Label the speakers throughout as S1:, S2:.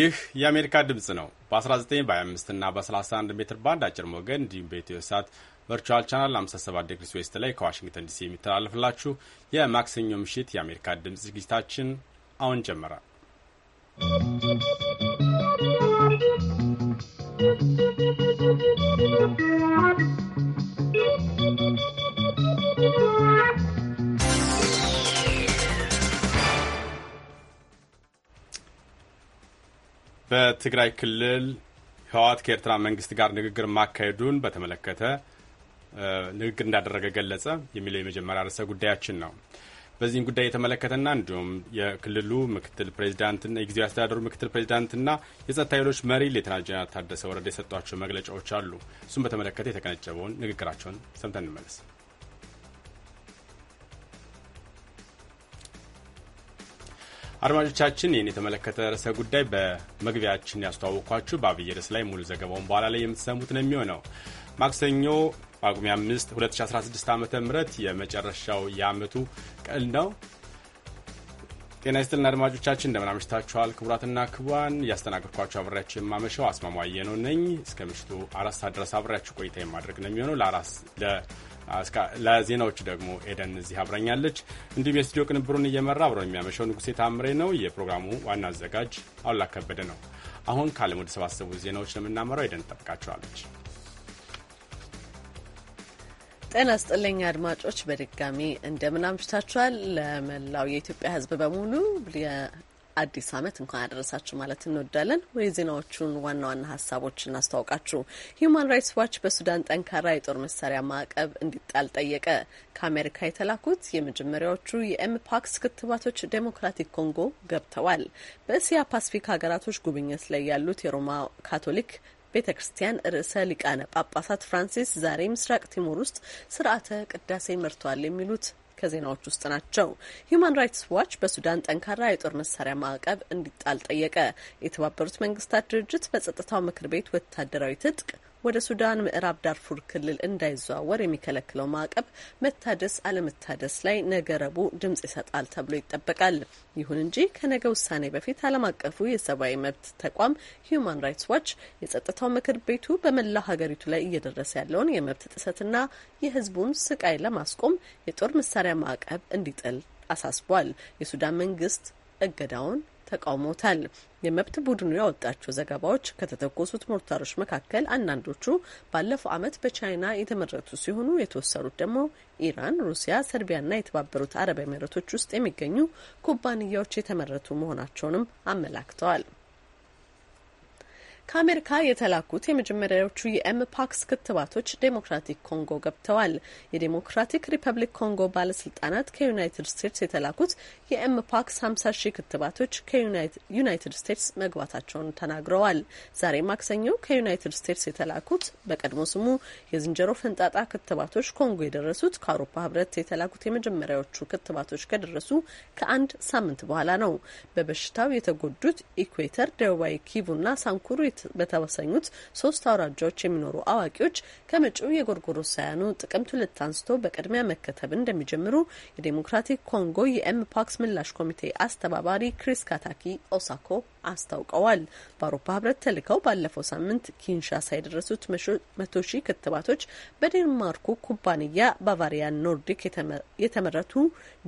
S1: ይህ የአሜሪካ ድምፅ ነው። በ19 በ25 እና በ31 ሜትር ባንድ አጭር ሞገድ እንዲሁም በኢትዮ ሳት ቨርቹዋል ቻናል 57 ዲግሪ ስዌስት ላይ ከዋሽንግተን ዲሲ የሚተላለፍላችሁ የማክሰኞ ምሽት የአሜሪካ ድምፅ ዝግጅታችን አሁን ጀመረ። ¶¶ በትግራይ ክልል ህወሓት ከኤርትራ መንግስት ጋር ንግግር ማካሄዱን በተመለከተ ንግግር እንዳደረገ ገለጸ የሚለው የመጀመሪያ ርዕሰ ጉዳያችን ነው። በዚህም ጉዳይ የተመለከተና እንዲሁም የክልሉ ምክትል ፕሬዚዳንትና የጊዜያዊ አስተዳደሩ ምክትል ፕሬዚዳንትና የጸጥታ ኃይሎች መሪ ሌተናንት ጀነራል ታደሰ ወረደ የሰጧቸው መግለጫዎች አሉ። እሱም በተመለከተ የተቀነጨበውን ንግግራቸውን ሰምተን እንመለስ። አድማጮቻችን ይህን የተመለከተ ርዕሰ ጉዳይ በመግቢያችን ያስተዋወቅኳችሁ በአብይ ርዕስ ላይ ሙሉ ዘገባውን በኋላ ላይ የምትሰሙት ነው የሚሆነው። ማክሰኞ ጳጉሜ 5 2016 ዓ ም የመጨረሻው የአመቱ ቀን ነው። ጤና ይስጥልን አድማጮቻችን፣ እንደምን አምሽታችኋል? ክቡራትና ክቡራን እያስተናገድኳቸው አብሬያችሁ የማመሸው አስማማየ ነው ነኝ። እስከ ምሽቱ አራት ሰዓት ድረስ አብሬያችሁ ቆይታ የማድረግ ነው የሚሆነው። ለዜናዎቹ ደግሞ ኤደን እዚህ አብረኛለች። እንዲሁም የስቱዲዮ ቅንብሩን እየመራ አብረን የሚያመሸው ንጉሴ ታምሬ ነው። የፕሮግራሙ ዋና አዘጋጅ አሉላ ከበደ ነው። አሁን ከዓለም ወደ ሰባሰቡ ዜናዎች ለምናመራው ኤደን ትጠብቃቸዋለች።
S2: ጤና ስጥልኝ አድማጮች፣ በድጋሚ እንደምን አምሽታችኋል። ለመላው የኢትዮጵያ ሕዝብ በሙሉ አዲስ ዓመት እንኳን አደረሳችሁ ማለት እንወዳለን። ወይ ዜናዎቹን ዋና ዋና ሀሳቦች እናስተዋውቃችሁ። ሂዩማን ራይትስ ዋች በሱዳን ጠንካራ የጦር መሳሪያ ማዕቀብ እንዲጣል ጠየቀ። ከአሜሪካ የተላኩት የመጀመሪያዎቹ የኤምፓክስ ክትባቶች ዴሞክራቲክ ኮንጎ ገብተዋል። በእስያ ፓስፊክ ሀገራቶች ጉብኝት ላይ ያሉት የሮማ ካቶሊክ ቤተ ክርስቲያን ርዕሰ ሊቃነ ጳጳሳት ፍራንሲስ ዛሬ ምስራቅ ቲሞር ውስጥ ስርዓተ ቅዳሴ መርተዋል የሚሉት ከዜናዎች ውስጥ ናቸው። ሂዩማን ራይትስ ዋች በሱዳን ጠንካራ የጦር መሳሪያ ማዕቀብ እንዲጣል ጠየቀ። የተባበሩት መንግስታት ድርጅት በጸጥታው ምክር ቤት ወታደራዊ ትጥቅ ወደ ሱዳን ምዕራብ ዳርፉር ክልል እንዳይዘዋወር የሚከለክለው ማዕቀብ መታደስ አለመታደስ ላይ ነገ ረቡዕ ድምጽ ይሰጣል ተብሎ ይጠበቃል። ይሁን እንጂ ከነገ ውሳኔ በፊት ዓለም አቀፉ የሰብአዊ መብት ተቋም ሂዩማን ራይትስ ዋች የጸጥታው ምክር ቤቱ በመላው ሀገሪቱ ላይ እየደረሰ ያለውን የመብት ጥሰትና የህዝቡን ስቃይ ለማስቆም የጦር መሳሪያ ማዕቀብ እንዲጥል አሳስቧል። የሱዳን መንግስት እገዳውን ተቃውሞታል። የመብት ቡድኑ ያወጣቸው ዘገባዎች ከተተኮሱት ሞርታሮች መካከል አንዳንዶቹ ባለፈው ዓመት በቻይና የተመረቱ ሲሆኑ የተወሰኑት ደግሞ ኢራን፣ ሩሲያ፣ ሰርቢያና የተባበሩት አረብ ኤሚሬቶች ውስጥ የሚገኙ ኩባንያዎች የተመረቱ መሆናቸውንም አመላክተዋል። ከአሜሪካ የተላኩት የመጀመሪያዎቹ የኤምፓክስ ክትባቶች ዴሞክራቲክ ኮንጎ ገብተዋል። የዴሞክራቲክ ሪፐብሊክ ኮንጎ ባለስልጣናት ከዩናይትድ ስቴትስ የተላኩት የኤምፓክስ 50 ሺህ ክትባቶች ከዩናይትድ ስቴትስ መግባታቸውን ተናግረዋል። ዛሬ ማክሰኞ ከዩናይትድ ስቴትስ የተላኩት በቀድሞ ስሙ የዝንጀሮ ፈንጣጣ ክትባቶች ኮንጎ የደረሱት ከአውሮፓ ህብረት የተላኩት የመጀመሪያዎቹ ክትባቶች ከደረሱ ከአንድ ሳምንት በኋላ ነው። በበሽታው የተጎዱት ኢኩዌተር፣ ደቡባዊ ኪቡና ሳንኩሩ በተወሰኙት ሶስት አውራጃዎች የሚኖሩ አዋቂዎች ከመጪው የጎርጎሮሳውያኑ ጥቅምት ሁለት አንስቶ በቅድሚያ መከተብ እንደሚጀምሩ የዴሞክራቲክ ኮንጎ የኤምፓክስ ምላሽ ኮሚቴ አስተባባሪ ክሪስ ካታኪ ኦሳኮ አስታውቀዋል። በአውሮፓ ህብረት ተልከው ባለፈው ሳምንት ኪንሻሳ የደረሱት መቶ ሺህ ክትባቶች በዴንማርኩ ኩባንያ ባቫሪያን ኖርዲክ የተመረቱ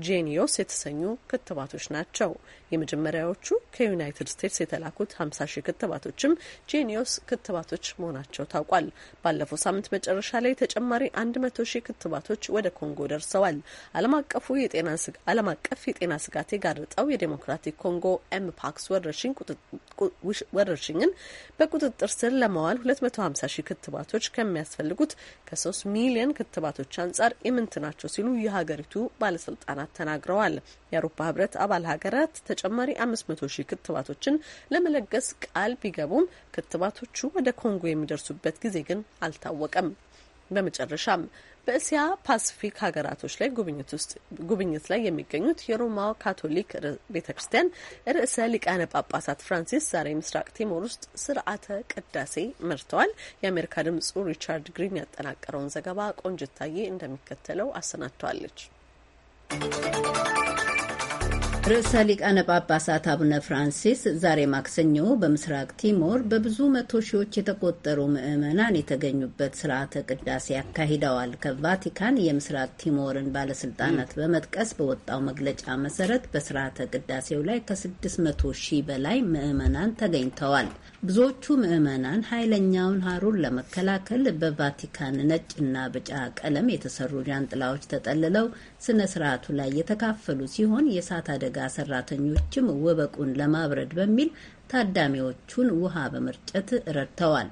S2: ጄኒዮስ የተሰኙ ክትባቶች ናቸው። የመጀመሪያዎቹ ከዩናይትድ ስቴትስ የተላኩት ሀምሳ ሺህ ክትባቶችም ጄኒዮስ ክትባቶች መሆናቸው ታውቋል። ባለፈው ሳምንት መጨረሻ ላይ ተጨማሪ አንድ መቶ ሺህ ክትባቶች ወደ ኮንጎ ደርሰዋል። ዓለም አቀፉ የጤና ዓለም አቀፍ የጤና ስጋት የጋረጠው የዴሞክራቲክ ኮንጎ ኤምፓክስ ወረርሽኝ ወረርሽኝን በቁጥጥር ስር ለመዋል 250 ሺህ ክትባቶች ከሚያስፈልጉት ከ3 ሚሊዮን ክትባቶች አንጻር የምንት ናቸው ሲሉ የሀገሪቱ ባለስልጣናት ተናግረዋል። የአውሮፓ ህብረት አባል ሀገራት ተጨማሪ 500 ሺህ ክትባቶችን ለመለገስ ቃል ቢገቡም ክትባቶቹ ወደ ኮንጎ የሚደርሱበት ጊዜ ግን አልታወቀም። በመጨረሻም በእስያ ፓሲፊክ ሀገራቶች ላይ ጉብኝት ላይ የሚገኙት የሮማ ካቶሊክ ቤተ ክርስቲያን ርዕሰ ሊቃነ ጳጳሳት ፍራንሲስ ዛሬ ምስራቅ ቲሞር ውስጥ ስርዓተ ቅዳሴ መርተዋል። የአሜሪካ ድምጹ ሪቻርድ ግሪን ያጠናቀረውን ዘገባ ቆንጅታዬ እንደሚከተለው አሰናድተዋለች።
S3: ርዕሰ ሊቃነ ጳጳሳት አቡነ ፍራንሲስ ዛሬ ማክሰኞ በምስራቅ ቲሞር በብዙ መቶ ሺዎች የተቆጠሩ ምዕመናን የተገኙበት ስርዓተ ቅዳሴ ያካሂደዋል። ከቫቲካን የምስራቅ ቲሞርን ባለስልጣናት በመጥቀስ በወጣው መግለጫ መሰረት በስርዓተ ቅዳሴው ላይ ከ600 ሺህ በላይ ምዕመናን ተገኝተዋል። ብዙዎቹ ምዕመናን ኃይለኛውን ሀሩር ለመከላከል በቫቲካን ነጭና ቢጫ ቀለም የተሰሩ ጃንጥላዎች ተጠልለው ስነ ስርዓቱ ላይ የተካፈሉ ሲሆን የእሳት አደጋ ሰራተኞችም ወበቁን ለማብረድ በሚል ታዳሚዎቹን ውሃ በመርጨት ረድተዋል።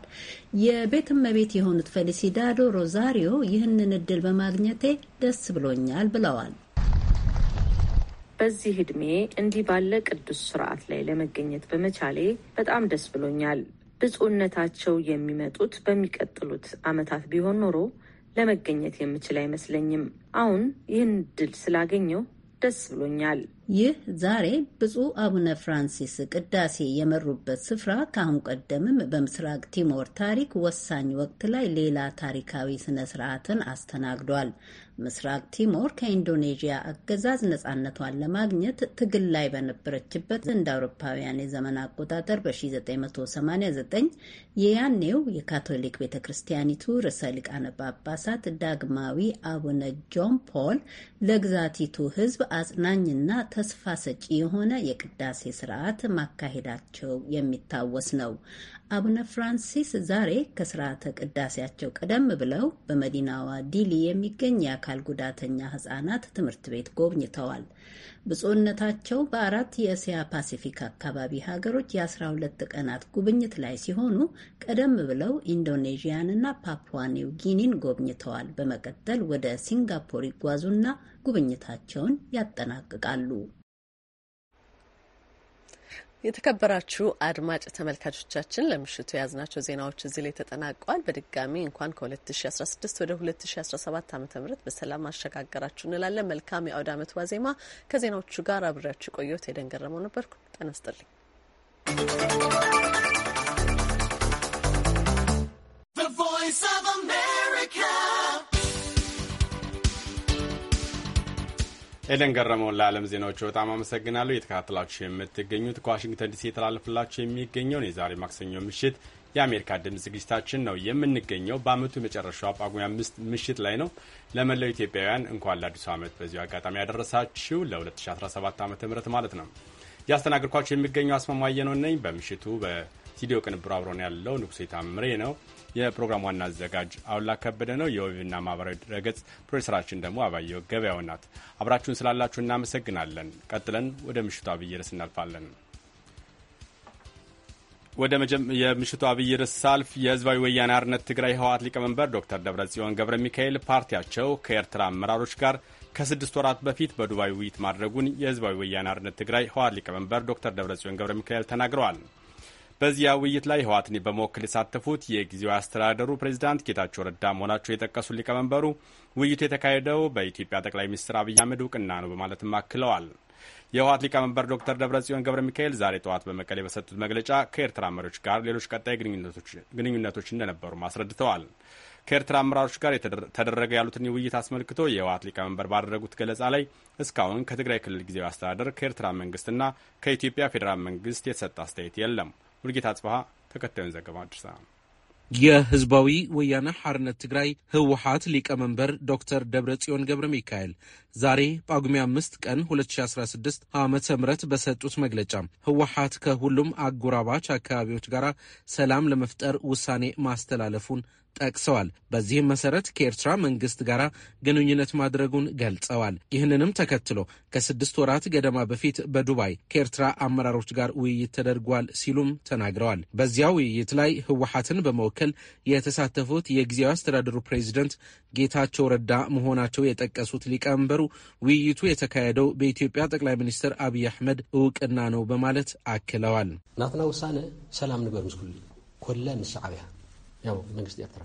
S3: የቤት እመቤት የሆኑት ፌሊሲዳዶ ሮዛሪዮ ይህንን እድል በማግኘቴ ደስ ብሎኛል ብለዋል።
S4: በዚህ ዕድሜ እንዲህ ባለ ቅዱስ ስርዓት ላይ ለመገኘት በመቻሌ በጣም ደስ ብሎኛል። ብፁዕነታቸው የሚመጡት በሚቀጥሉት ዓመታት ቢሆን ኖሮ ለመገኘት የምችል አይመስለኝም። አሁን ይህን ድል ስላገኘው ደስ ብሎኛል።
S3: ይህ ዛሬ ብፁዕ አቡነ ፍራንሲስ ቅዳሴ የመሩበት ስፍራ ከአሁን ቀደምም በምስራቅ ቲሞር ታሪክ ወሳኝ ወቅት ላይ ሌላ ታሪካዊ ስነ ስርዓትን አስተናግዷል። ምስራቅ ቲሞር ከኢንዶኔዥያ አገዛዝ ነጻነቷን ለማግኘት ትግል ላይ በነበረችበት እንደ አውሮፓውያን የዘመን አቆጣጠር በ1989 የያኔው የካቶሊክ ቤተ ክርስቲያኒቱ ርዕሰ ሊቃነ ጳጳሳት ዳግማዊ አቡነ ጆን ፖል ለግዛቲቱ ሕዝብ አጽናኝና ተስፋ ሰጪ የሆነ የቅዳሴ ስርዓት ማካሄዳቸው የሚታወስ ነው። አቡነ ፍራንሲስ ዛሬ ከስርዓተ ቅዳሴያቸው ቀደም ብለው በመዲናዋ ዲሊ የሚገኝ የአካል ጉዳተኛ ህጻናት ትምህርት ቤት ጎብኝተዋል። ብፁዕነታቸው በአራት የእስያ ፓሲፊክ አካባቢ ሀገሮች የ12 ቀናት ጉብኝት ላይ ሲሆኑ ቀደም ብለው ኢንዶኔዥያንና ፓፑዋ ጊኒን ጎብኝተዋል። በመቀጠል ወደ ሲንጋፖር ይጓዙና ጉብኝታቸውን ያጠናቅቃሉ። የተከበራችሁ አድማጭ ተመልካቾቻችን ለምሽቱ
S2: የያዝናቸው ዜናዎች እዚህ ላይ ተጠናቋል። በድጋሚ እንኳን ከ2016 ወደ 2017 ዓ ም በሰላም አሸጋገራችሁ እንላለን። መልካም የአውድ አመት ዋዜማ። ከዜናዎቹ ጋር አብሬያችሁ ቆየሁት። የደንገረመው ገረመው ነበርኩ። ጤና ይስጥልኝ።
S1: ኤደን ገረመውን ለዓለም ዜናዎች በጣም አመሰግናለሁ። እየተከታተላችሁ የምትገኙት ከዋሽንግተን ዲሲ የተላለፍላችሁ የሚገኘውን የዛሬ ማክሰኞ ምሽት የአሜሪካ ድምፅ ዝግጅታችን ነው። የምንገኘው በአመቱ የመጨረሻው ጳጉሜ አምስት ምሽት ላይ ነው። ለመላው ኢትዮጵያውያን እንኳን ለአዲሱ ዓመት በዚሁ አጋጣሚ ያደረሳችሁ ለ2017 ዓ ም ማለት ነው። ያስተናግድኳቸው የሚገኘው አስማማየ ነው ነኝ። በምሽቱ በስቱዲዮ ቅንብሩ አብሮን ያለው ንጉሴ ታምሬ ነው። የፕሮግራም ዋና አዘጋጅ አሉላ ከበደ ነው። የዌብና ማህበራዊ ድረገጽ ፕሮዲሰራችን ደግሞ አባየው ገበያው ናት። አብራችሁን ስላላችሁ እናመሰግናለን። ቀጥለን ወደ ምሽቱ አብይ ርዕስ እናልፋለን። ወደ የምሽቱ አብይ ርዕስ ሳልፍ የህዝባዊ ወያኔ አርነት ትግራይ ህወሓት ሊቀመንበር ዶክተር ደብረጽዮን ገብረ ሚካኤል ፓርቲያቸው ከኤርትራ አመራሮች ጋር ከስድስት ወራት በፊት በዱባይ ውይይት ማድረጉን የህዝባዊ ወያኔ አርነት ትግራይ ህወሓት ሊቀመንበር ዶክተር ደብረጽዮን ገብረ ሚካኤል ተናግረዋል። በዚያ ውይይት ላይ ህወሓትን በመወከል የተሳተፉት የጊዜው አስተዳደሩ ፕሬዚዳንት ጌታቸው ረዳ መሆናቸው የጠቀሱ ሊቀመንበሩ ውይይቱ የተካሄደው በኢትዮጵያ ጠቅላይ ሚኒስትር አብይ አህመድ እውቅና ነው በማለትም አክለዋል። የህወሓት ሊቀመንበር ዶክተር ደብረጽዮን ገብረ ሚካኤል ዛሬ ጠዋት በመቀሌ በሰጡት መግለጫ ከኤርትራ መሪዎች ጋር ሌሎች ቀጣይ ግንኙነቶች እንደነበሩ አስረድተዋል። ከኤርትራ አመራሮች ጋር ተደረገ ያሉትን ውይይት አስመልክቶ የህወሓት ሊቀመንበር ባደረጉት ገለጻ ላይ እስካሁን ከትግራይ ክልል ጊዜያዊ አስተዳደር ከኤርትራ መንግስትና ከኢትዮጵያ ፌዴራል መንግስት የተሰጠ አስተያየት የለም። ሙልጌታ አጽበሀ ተከታዩን ዘገባ
S5: አድርሰናል። የህዝባዊ ወያነ ሐርነት ትግራይ ህወሓት ሊቀመንበር ዶክተር ደብረ ጽዮን ገብረ ሚካኤል ዛሬ ጳጉሜ አምስት ቀን 2016 ዓ ም በሰጡት መግለጫ ህወሓት ከሁሉም አጎራባች አካባቢዎች ጋር ሰላም ለመፍጠር ውሳኔ ማስተላለፉን ጠቅሰዋል። በዚህም መሰረት ከኤርትራ መንግስት ጋር ግንኙነት ማድረጉን ገልጸዋል። ይህንንም ተከትሎ ከስድስት ወራት ገደማ በፊት በዱባይ ከኤርትራ አመራሮች ጋር ውይይት ተደርጓል ሲሉም ተናግረዋል። በዚያ ውይይት ላይ ህወሓትን በመወከል የተሳተፉት የጊዜያዊ አስተዳደሩ ፕሬዚደንት ጌታቸው ረዳ መሆናቸው የጠቀሱት ሊቀመንበሩ ውይይቱ የተካሄደው በኢትዮጵያ ጠቅላይ ሚኒስትር አብይ አህመድ እውቅና ነው በማለት አክለዋል። ናትና ውሳነ ሰላም ንበር ምስኩል ኮለ ምስ ዓብያ ያው መንግስት ኤርትራ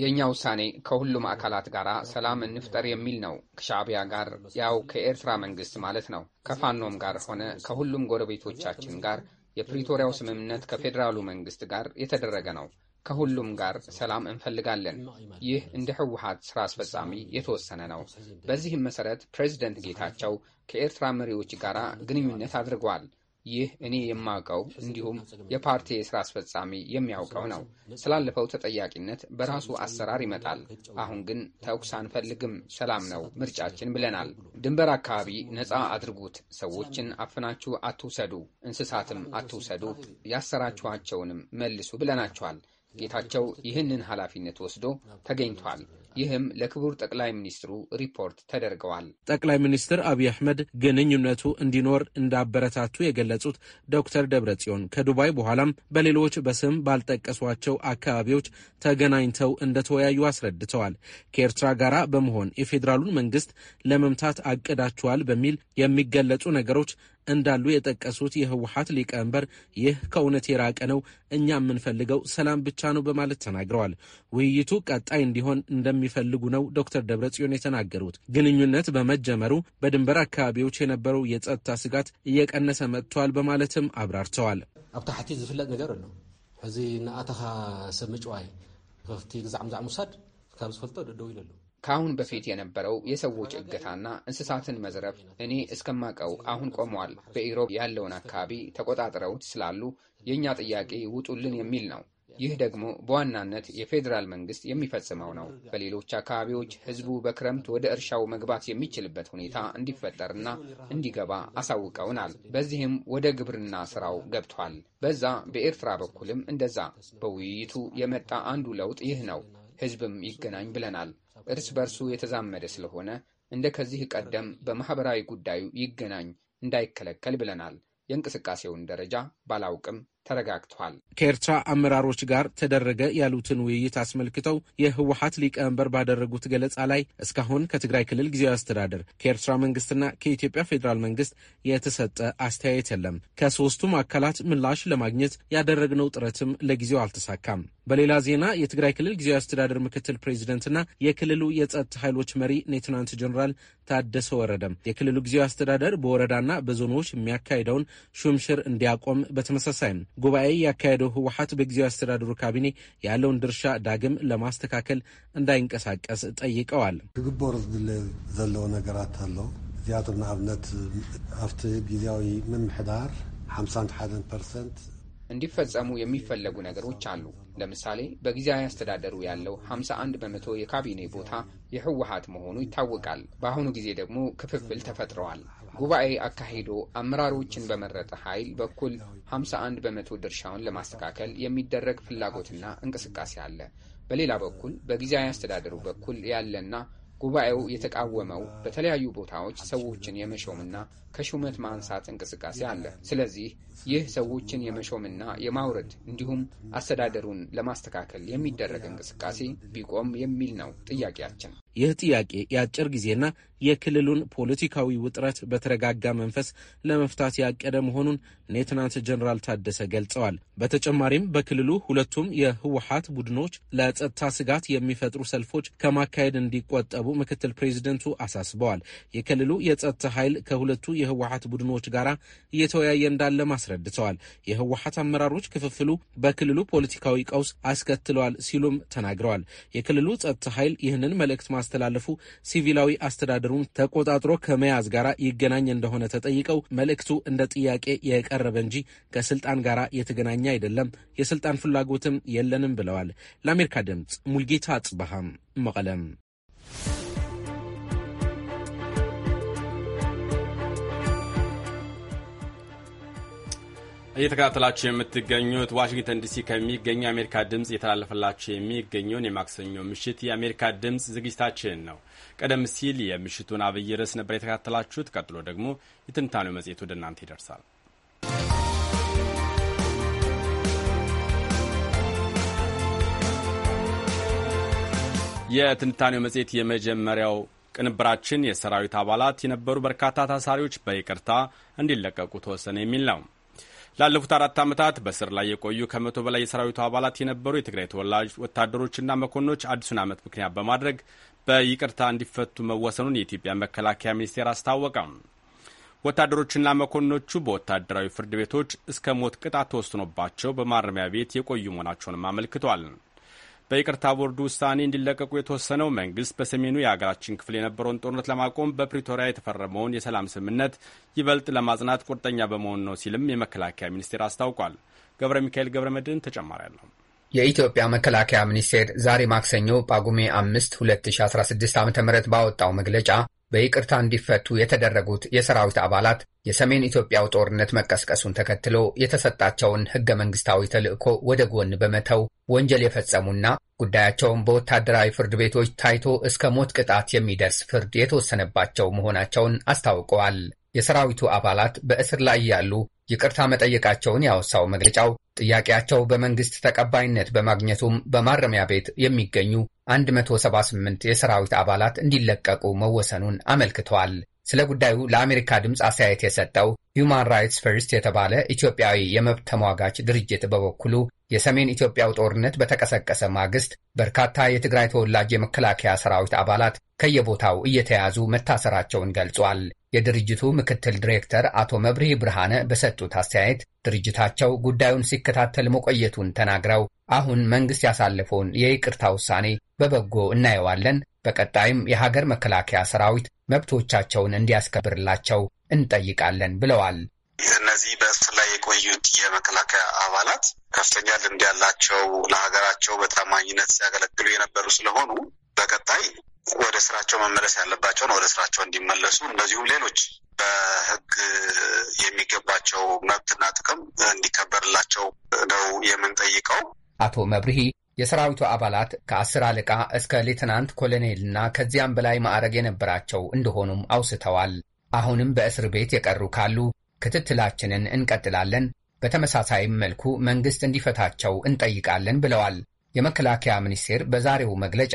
S6: የእኛ ውሳኔ ከሁሉም አካላት ጋር ሰላም እንፍጠር የሚል ነው። ከሻዕቢያ ጋር ያው ከኤርትራ መንግስት ማለት ነው። ከፋኖም ጋር ሆነ ከሁሉም ጎረቤቶቻችን ጋር የፕሪቶሪያው ስምምነት ከፌዴራሉ መንግስት ጋር የተደረገ ነው። ከሁሉም ጋር ሰላም እንፈልጋለን። ይህ እንደ ህወሀት ስራ አስፈጻሚ የተወሰነ ነው። በዚህም መሰረት ፕሬዚደንት ጌታቸው ከኤርትራ መሪዎች ጋር ግንኙነት አድርገዋል። ይህ እኔ የማውቀው እንዲሁም የፓርቲ የስራ አስፈጻሚ የሚያውቀው ነው። ስላለፈው ተጠያቂነት በራሱ አሰራር ይመጣል። አሁን ግን ተኩስ አንፈልግም፣ ሰላም ነው ምርጫችን ብለናል። ድንበር አካባቢ ነፃ አድርጉት። ሰዎችን አፍናችሁ አትውሰዱ፣ እንስሳትም አትውሰዱ፣ ያሰራችኋቸውንም መልሱ ብለናቸዋል። ጌታቸው ይህንን ኃላፊነት ወስዶ ተገኝቷል። ይህም ለክቡር ጠቅላይ ሚኒስትሩ ሪፖርት ተደርገዋል።
S5: ጠቅላይ ሚኒስትር አብይ አህመድ ግንኙነቱ እንዲኖር እንዳበረታቱ የገለጹት ዶክተር ደብረጽዮን ከዱባይ በኋላም በሌሎች በስም ባልጠቀሷቸው አካባቢዎች ተገናኝተው እንደተወያዩ አስረድተዋል። ከኤርትራ ጋራ በመሆን የፌዴራሉን መንግስት ለመምታት አቅዳችኋል በሚል የሚገለጹ ነገሮች እንዳሉ የጠቀሱት የህወሀት ሊቀመንበር ይህ ከእውነት የራቀ ነው፣ እኛ የምንፈልገው ሰላም ብቻ ነው በማለት ተናግረዋል። ውይይቱ ቀጣይ እንዲሆን እንደሚፈልጉ ነው ዶክተር ደብረጽዮን የተናገሩት። ግንኙነት በመጀመሩ በድንበር አካባቢዎች የነበረው የጸጥታ ስጋት እየቀነሰ መጥተዋል በማለትም አብራርተዋል። ኣብ ታሕቲ ዝፍለጥ ነገር ኣሎ ሕዚ ንኣተኻ ሰብ ምጭዋይ ከፍቲ ግዛዕ ምዛዕ ካብ ዝፈልጦ ደደው ኢሉ ኣሎ
S6: ከአሁን በፊት የነበረው የሰዎች እገታና እንስሳትን መዝረፍ እኔ እስከማቀው አሁን ቆመዋል። በኢሮብ ያለውን አካባቢ ተቆጣጥረውት ስላሉ የእኛ ጥያቄ ውጡልን የሚል ነው። ይህ ደግሞ በዋናነት የፌዴራል መንግስት የሚፈጽመው ነው። በሌሎች አካባቢዎች ህዝቡ በክረምት ወደ እርሻው መግባት የሚችልበት ሁኔታ እንዲፈጠርና እንዲገባ አሳውቀውናል። በዚህም ወደ ግብርና ስራው ገብቷል። በዛ በኤርትራ በኩልም እንደዛ። በውይይቱ የመጣ አንዱ ለውጥ ይህ ነው። ህዝብም ይገናኝ ብለናል። እርስ በርሱ የተዛመደ ስለሆነ እንደ ከዚህ ቀደም በማኅበራዊ ጉዳዩ ይገናኝ እንዳይከለከል ብለናል። የእንቅስቃሴውን ደረጃ ባላውቅም ተረጋግቷል።
S5: ከኤርትራ አመራሮች ጋር ተደረገ ያሉትን ውይይት አስመልክተው የህወሀት ሊቀመንበር ባደረጉት ገለጻ ላይ እስካሁን ከትግራይ ክልል ጊዜያዊ አስተዳደር ከኤርትራ መንግስትና ከኢትዮጵያ ፌዴራል መንግስት የተሰጠ አስተያየት የለም። ከሶስቱም አካላት ምላሽ ለማግኘት ያደረግነው ጥረትም ለጊዜው አልተሳካም። በሌላ ዜና የትግራይ ክልል ጊዜያዊ አስተዳደር ምክትል ፕሬዚደንትና የክልሉ የጸጥታ ኃይሎች መሪ ሌትናንት ጀኔራል ታደሰ ወረደም የክልሉ ጊዜያዊ አስተዳደር በወረዳና በዞኖች የሚያካሄደውን ሹምሽር እንዲያቆም፣ በተመሳሳይም ጉባኤ ያካሄደው ህወሀት በጊዜያዊ አስተዳደሩ ካቢኔ ያለውን ድርሻ ዳግም ለማስተካከል እንዳይንቀሳቀስ ጠይቀዋል።
S7: ክግበር ዘለዎ ነገራት ኣሎ እዚኣቶም ንኣብነት ኣብቲ ግዜያዊ ምምሕዳር 51 ፐርሰንት
S6: እንዲፈጸሙ የሚፈለጉ ነገሮች አሉ ለምሳሌ በጊዜያዊ አስተዳደሩ ያለው 51 በመቶ የካቢኔ ቦታ የህወሀት መሆኑ ይታወቃል። በአሁኑ ጊዜ ደግሞ ክፍፍል ተፈጥረዋል። ጉባኤ አካሂዶ አመራሮችን በመረጠ ኃይል በኩል 51 በመቶ ድርሻውን ለማስተካከል የሚደረግ ፍላጎትና እንቅስቃሴ አለ። በሌላ በኩል በጊዜያዊ አስተዳደሩ በኩል ያለና ጉባኤው የተቃወመው በተለያዩ ቦታዎች ሰዎችን የመሾምና ከሹመት ማንሳት እንቅስቃሴ አለ። ስለዚህ ይህ ሰዎችን የመሾምና የማውረድ እንዲሁም አስተዳደሩን ለማስተካከል የሚደረግ እንቅስቃሴ ቢቆም የሚል ነው ጥያቄያችን።
S5: ይህ ጥያቄ የአጭር ጊዜና የክልሉን ፖለቲካዊ ውጥረት በተረጋጋ መንፈስ ለመፍታት ያቀደ መሆኑን ሌትናንት ጀኔራል ታደሰ ገልጸዋል። በተጨማሪም በክልሉ ሁለቱም የህወሀት ቡድኖች ለጸጥታ ስጋት የሚፈጥሩ ሰልፎች ከማካሄድ እንዲቆጠቡ ምክትል ፕሬዚደንቱ አሳስበዋል። የክልሉ የጸጥታ ኃይል ከሁለቱ የህወሀት ቡድኖች ጋር እየተወያየ እንዳለም አስረድተዋል። የህወሀት አመራሮች ክፍፍሉ በክልሉ ፖለቲካዊ ቀውስ አስከትለዋል ሲሉም ተናግረዋል። የክልሉ ጸጥታ ኃይል ይህንን መልእክት ማስተላለፉ ሲቪላዊ አስተዳደሩን ተቆጣጥሮ ከመያዝ ጋር ይገናኝ እንደሆነ ተጠይቀው መልእክቱ እንደ ጥያቄ የቀረበ እንጂ ከስልጣን ጋር የተገናኘ አይደለም፣ የስልጣን ፍላጎትም የለንም ብለዋል። ለአሜሪካ ድምፅ ሙልጌታ አጽበሃም መቀለም
S1: እየተከታተላችሁ የምትገኙት ዋሽንግተን ዲሲ ከሚገኙ የአሜሪካ ድምፅ እየተላለፈላችሁ የሚገኘውን የማክሰኞ ምሽት የአሜሪካ ድምፅ ዝግጅታችን ነው። ቀደም ሲል የምሽቱን አብይ ርዕስ ነበር የተከታተላችሁት። ቀጥሎ ደግሞ የትንታኔው መጽሔት ወደ እናንተ ይደርሳል። የትንታኔው መጽሔት የመጀመሪያው ቅንብራችን የሰራዊት አባላት የነበሩ በርካታ ታሳሪዎች በይቅርታ እንዲለቀቁ ተወሰነ የሚል ነው። ላለፉት አራት ዓመታት በስር ላይ የቆዩ ከመቶ በላይ የሰራዊቱ አባላት የነበሩ የትግራይ ተወላጅ ወታደሮችና መኮንኖች አዲሱን ዓመት ምክንያት በማድረግ በይቅርታ እንዲፈቱ መወሰኑን የኢትዮጵያ መከላከያ ሚኒስቴር አስታወቀም። ወታደሮችና መኮንኖቹ በወታደራዊ ፍርድ ቤቶች እስከ ሞት ቅጣት ተወስኖባቸው በማረሚያ ቤት የቆዩ መሆናቸውንም አመልክቷል። በይቅርታ ቦርዱ ውሳኔ እንዲለቀቁ የተወሰነው መንግስት በሰሜኑ የሀገራችን ክፍል የነበረውን ጦርነት ለማቆም በፕሪቶሪያ የተፈረመውን የሰላም ስምምነት ይበልጥ ለማጽናት ቁርጠኛ በመሆን ነው ሲልም የመከላከያ ሚኒስቴር አስታውቋል። ገብረ ሚካኤል ገብረ መድህን ተጨማሪ ያለው
S6: የኢትዮጵያ መከላከያ ሚኒስቴር ዛሬ ማክሰኞ ጳጉሜ 5 2016 ዓ ም ባወጣው መግለጫ በይቅርታ እንዲፈቱ የተደረጉት የሰራዊት አባላት የሰሜን ኢትዮጵያው ጦርነት መቀስቀሱን ተከትሎ የተሰጣቸውን ህገ መንግስታዊ ተልዕኮ ወደ ጎን በመተው ወንጀል የፈጸሙና ጉዳያቸውን በወታደራዊ ፍርድ ቤቶች ታይቶ እስከ ሞት ቅጣት የሚደርስ ፍርድ የተወሰነባቸው መሆናቸውን አስታውቀዋል። የሰራዊቱ አባላት በእስር ላይ ያሉ ይቅርታ መጠየቃቸውን ያወሳው መግለጫው ጥያቄያቸው በመንግስት ተቀባይነት በማግኘቱም በማረሚያ ቤት የሚገኙ 178 የሰራዊት አባላት እንዲለቀቁ መወሰኑን አመልክተዋል። ስለ ጉዳዩ ለአሜሪካ ድምፅ አስተያየት የሰጠው ሁማን ራይትስ ፈርስት የተባለ ኢትዮጵያዊ የመብት ተሟጋች ድርጅት በበኩሉ የሰሜን ኢትዮጵያው ጦርነት በተቀሰቀሰ ማግስት በርካታ የትግራይ ተወላጅ የመከላከያ ሰራዊት አባላት ከየቦታው እየተያዙ መታሰራቸውን ገልጿል። የድርጅቱ ምክትል ዲሬክተር አቶ መብሪ ብርሃነ በሰጡት አስተያየት ድርጅታቸው ጉዳዩን ሲከታተል መቆየቱን ተናግረው አሁን መንግስት ያሳለፈውን የይቅርታ ውሳኔ በበጎ እናየዋለን። በቀጣይም የሀገር መከላከያ ሰራዊት መብቶቻቸውን እንዲያስከብርላቸው እንጠይቃለን ብለዋል። እነዚህ በእስር ላይ የቆዩት የመከላከያ አባላት ከፍተኛ ልምድ ያላቸው ለሀገራቸው በታማኝነት ሲያገለግሉ የነበሩ ስለሆኑ በቀጣይ ወደ ስራቸው መመለስ ያለባቸውን ወደ ስራቸው እንዲመለሱ፣ እንደዚሁም ሌሎች በሕግ የሚገባቸው መብትና ጥቅም እንዲከበርላቸው ነው የምንጠይቀው። አቶ መብርሂ የሰራዊቱ አባላት ከአስር አለቃ እስከ ሌትናንት ኮሎኔልና ከዚያም በላይ ማዕረግ የነበራቸው እንደሆኑም አውስተዋል። አሁንም በእስር ቤት የቀሩ ካሉ ክትትላችንን እንቀጥላለን፣ በተመሳሳይም መልኩ መንግሥት እንዲፈታቸው እንጠይቃለን ብለዋል። የመከላከያ ሚኒስቴር በዛሬው መግለጫ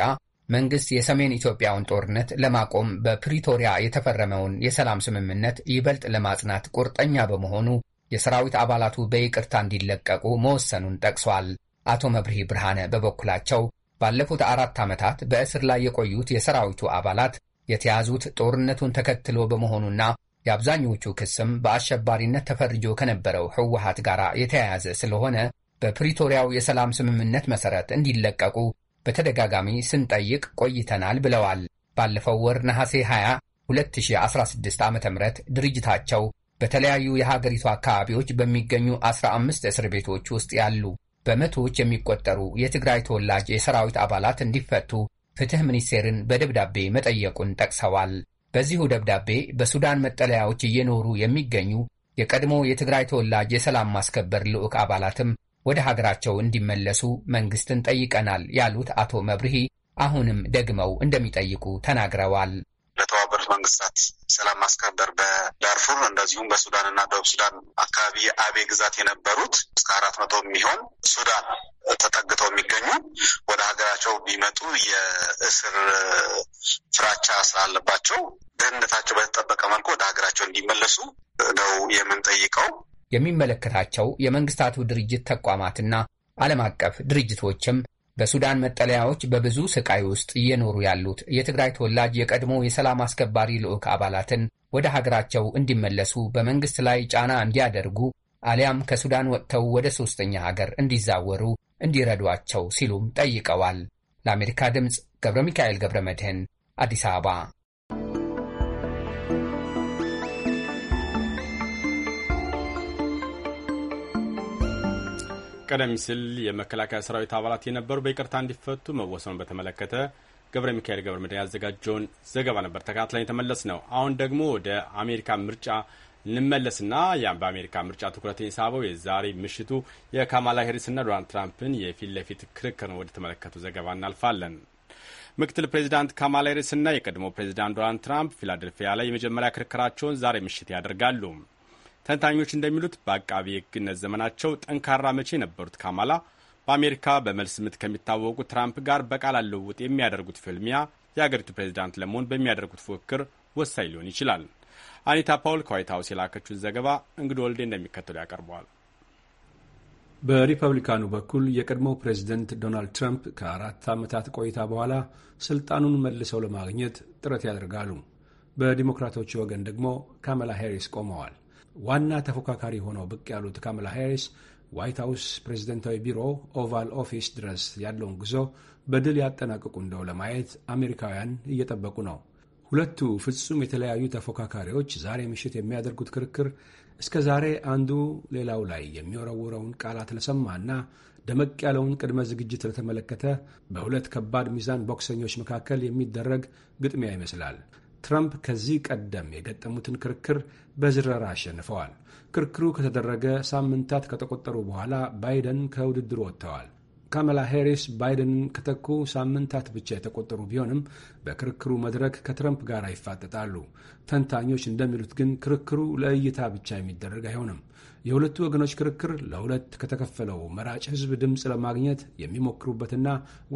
S6: መንግሥት የሰሜን ኢትዮጵያውን ጦርነት ለማቆም በፕሪቶሪያ የተፈረመውን የሰላም ስምምነት ይበልጥ ለማጽናት ቁርጠኛ በመሆኑ የሰራዊት አባላቱ በይቅርታ እንዲለቀቁ መወሰኑን ጠቅሷል። አቶ መብርሂ ብርሃነ በበኩላቸው ባለፉት አራት ዓመታት በእስር ላይ የቆዩት የሰራዊቱ አባላት የተያዙት ጦርነቱን ተከትሎ በመሆኑና የአብዛኞቹ ክስም በአሸባሪነት ተፈርጆ ከነበረው ህወሓት ጋር የተያያዘ ስለሆነ በፕሪቶሪያው የሰላም ስምምነት መሠረት እንዲለቀቁ በተደጋጋሚ ስንጠይቅ ቆይተናል ብለዋል። ባለፈው ወር ነሐሴ 20 2016 ዓ ም ድርጅታቸው በተለያዩ የሀገሪቱ አካባቢዎች በሚገኙ 15 እስር ቤቶች ውስጥ ያሉ በመቶዎች የሚቆጠሩ የትግራይ ተወላጅ የሰራዊት አባላት እንዲፈቱ ፍትህ ሚኒስቴርን በደብዳቤ መጠየቁን ጠቅሰዋል። በዚሁ ደብዳቤ በሱዳን መጠለያዎች እየኖሩ የሚገኙ የቀድሞ የትግራይ ተወላጅ የሰላም ማስከበር ልዑክ አባላትም ወደ ሀገራቸው እንዲመለሱ መንግስትን ጠይቀናል ያሉት አቶ መብርሂ አሁንም ደግመው እንደሚጠይቁ ተናግረዋል። የተባበሩት መንግስታት ሰላም ማስከበር
S8: በዳርፉር እንደዚሁም በሱዳን እና ደቡብ ሱዳን አካባቢ የአቤ ግዛት የነበሩት እስከ አራት መቶ የሚሆን ሱዳን ተጠግተው የሚገኙ ወደ ሀገራቸው ቢመጡ የእስር ፍራቻ ስላለባቸው ደህንነታቸው በተጠበቀ መልኩ ወደ ሀገራቸው እንዲመለሱ ነው
S9: የምንጠይቀው።
S6: የሚመለከታቸው የመንግስታቱ ድርጅት ተቋማትና ዓለም አቀፍ ድርጅቶችም በሱዳን መጠለያዎች በብዙ ስቃይ ውስጥ እየኖሩ ያሉት የትግራይ ተወላጅ የቀድሞ የሰላም አስከባሪ ልዑክ አባላትን ወደ ሀገራቸው እንዲመለሱ በመንግሥት ላይ ጫና እንዲያደርጉ አሊያም ከሱዳን ወጥተው ወደ ሦስተኛ ሀገር እንዲዛወሩ እንዲረዷቸው ሲሉም ጠይቀዋል። ለአሜሪካ ድምፅ ገብረ ሚካኤል ገብረ መድህን አዲስ አበባ
S1: ቀደም ሲል የመከላከያ ሰራዊት አባላት የነበሩ በይቅርታ እንዲፈቱ መወሰኑን በተመለከተ ገብረ ሚካኤል ገብረ መድህን ያዘጋጀውን ዘገባ ነበር ተከታትለን የተመለስ ነው። አሁን ደግሞ ወደ አሜሪካ ምርጫ እንመለስና በአሜሪካ ምርጫ ትኩረት የሳበው የዛሬ ምሽቱ የካማላ ሄሪስና ዶናልድ ትራምፕን የፊት ለፊት ክርክርን ወደ ተመለከቱ ዘገባ እናልፋለን። ምክትል ፕሬዚዳንት ካማላ ሄሪስና የቀድሞ ፕሬዚዳንት ዶናልድ ትራምፕ ፊላደልፊያ ላይ የመጀመሪያ ክርክራቸውን ዛሬ ምሽት ያደርጋሉ። ተንታኞች እንደሚሉት በአቃቢ ሕግነት ዘመናቸው ጠንካራ መቼ የነበሩት ካማላ በአሜሪካ በመልስ ምት ከሚታወቁ ትራምፕ ጋር በቃል ልውውጥ የሚያደርጉት ፍልሚያ የአገሪቱ ፕሬዚዳንት ለመሆን በሚያደርጉት ፉክክር ወሳኝ ሊሆን ይችላል። አኒታ ፓውል ከዋይት ሀውስ የላከችውን ዘገባ እንግዶ ወልዴ እንደሚከተሉ ያቀርበዋል።
S10: በሪፐብሊካኑ በኩል የቀድሞው ፕሬዝደንት ዶናልድ ትራምፕ ከአራት ዓመታት ቆይታ በኋላ ስልጣኑን መልሰው ለማግኘት ጥረት ያደርጋሉ። በዲሞክራቶች ወገን ደግሞ ካመላ ሄሪስ ቆመዋል። ዋና ተፎካካሪ ሆነው ብቅ ያሉት ካማላ ሃሪስ ዋይት ሀውስ ፕሬዝደንታዊ ቢሮ ኦቫል ኦፊስ ድረስ ያለውን ጉዞ በድል ያጠናቅቁ እንደው ለማየት አሜሪካውያን እየጠበቁ ነው። ሁለቱ ፍጹም የተለያዩ ተፎካካሪዎች ዛሬ ምሽት የሚያደርጉት ክርክር እስከ ዛሬ አንዱ ሌላው ላይ የሚወረውረውን ቃላት ለሰማና ደመቅ ያለውን ቅድመ ዝግጅት ለተመለከተ በሁለት ከባድ ሚዛን ቦክሰኞች መካከል የሚደረግ ግጥሚያ ይመስላል። ትራምፕ ከዚህ ቀደም የገጠሙትን ክርክር በዝረራ አሸንፈዋል። ክርክሩ ከተደረገ ሳምንታት ከተቆጠሩ በኋላ ባይደን ከውድድሩ ወጥተዋል። ካማላ ሄሪስ ባይደንን ከተኩ ሳምንታት ብቻ የተቆጠሩ ቢሆንም በክርክሩ መድረክ ከትረምፕ ጋር ይፋጠጣሉ። ተንታኞች እንደሚሉት ግን ክርክሩ ለእይታ ብቻ የሚደረግ አይሆንም። የሁለቱ ወገኖች ክርክር ለሁለት ከተከፈለው መራጭ ሕዝብ ድምፅ ለማግኘት የሚሞክሩበትና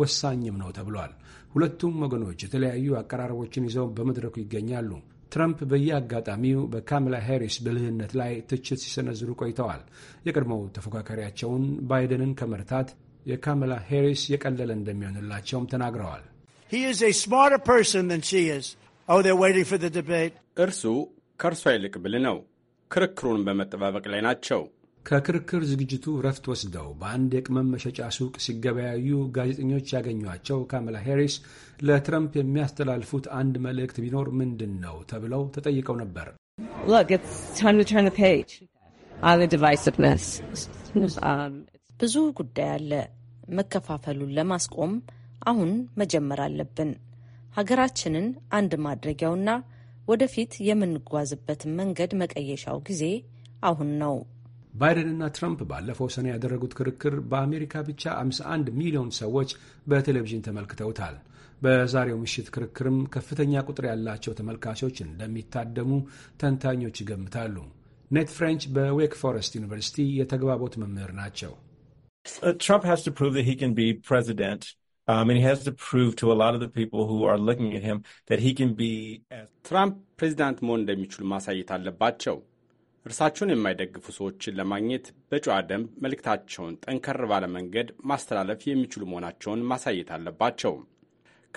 S10: ወሳኝም ነው ተብሏል። ሁለቱም ወገኖች የተለያዩ አቀራረቦችን ይዘው በመድረኩ ይገኛሉ። ትራምፕ በየአጋጣሚው በካምላ ሄሪስ ብልህነት ላይ ትችት ሲሰነዝሩ ቆይተዋል። የቀድሞው ተፎካካሪያቸውን ባይደንን ከመርታት የካመላ ሄሪስ የቀለለ እንደሚሆንላቸውም ተናግረዋል። oh,
S1: እርሱ ከእርሷ ይልቅ ብል ነው። ክርክሩን በመጠባበቅ ላይ ናቸው።
S10: ከክርክር ዝግጅቱ ረፍት ወስደው በአንድ የቅመም መሸጫ ሱቅ ሲገበያዩ ጋዜጠኞች ያገኟቸው ካመላ ሄሪስ ለትረምፕ የሚያስተላልፉት አንድ መልእክት ቢኖር ምንድን ነው ተብለው ተጠይቀው ነበር።
S4: ብዙ ጉዳይ አለ። መከፋፈሉን ለማስቆም አሁን መጀመር አለብን። ሀገራችንን አንድ ማድረጊያውና ወደፊት የምንጓዝበትን መንገድ መቀየሻው ጊዜ
S10: አሁን ነው። ባይደን እና ትራምፕ ባለፈው ሰኔ ያደረጉት ክርክር በአሜሪካ ብቻ 51 ሚሊዮን ሰዎች በቴሌቪዥን ተመልክተውታል። በዛሬው ምሽት ክርክርም ከፍተኛ ቁጥር ያላቸው ተመልካቾች እንደሚታደሙ ተንታኞች ይገምታሉ። ኔት ፍሬንች በዌክ ፎረስት ዩኒቨርሲቲ የተግባቦት መምህር ናቸው። Uh, Trump has to prove that
S1: he can be president. Um, and he has to prove to a lot of the people who are looking at him that he can be ትራምፕ ፕሬዚዳንት መሆን እንደሚችሉ ማሳየት አለባቸው። እርሳቸውን የማይደግፉ ሰዎችን ለማግኘት በጨዋ ደንብ መልእክታቸውን ጠንከር ባለ መንገድ ማስተላለፍ የሚችሉ መሆናቸውን ማሳየት አለባቸው።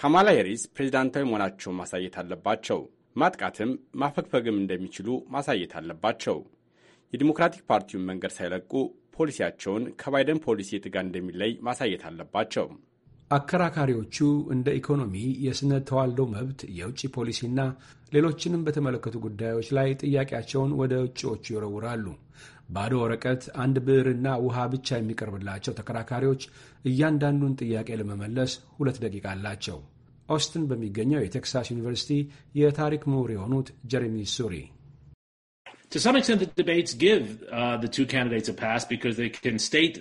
S1: ካማላ ሄሪስ ፕሬዚዳንታዊ መሆናቸውን ማሳየት አለባቸው። ማጥቃትም ማፈግፈግም እንደሚችሉ ማሳየት አለባቸው። የዲሞክራቲክ ፓርቲውን መንገድ ሳይለቁ ፖሊሲያቸውን ከባይደን ፖሊሲ የቱ ጋር እንደሚለይ ማሳየት አለባቸው።
S10: አከራካሪዎቹ እንደ ኢኮኖሚ፣ የስነ ተዋልዶ መብት፣ የውጭ ፖሊሲና ሌሎችንም በተመለከቱ ጉዳዮች ላይ ጥያቄያቸውን ወደ ውጭዎቹ ይወረውራሉ። ባዶ ወረቀት፣ አንድ ብዕርና ውሃ ብቻ የሚቀርብላቸው ተከራካሪዎች እያንዳንዱን ጥያቄ ለመመለስ ሁለት ደቂቃ አላቸው። ኦስትን በሚገኘው የቴክሳስ ዩኒቨርሲቲ የታሪክ ምሁር የሆኑት ጀሬሚ ሱሪ
S11: to some extent, the debates
S5: give uh, the two candidates a pass because they can state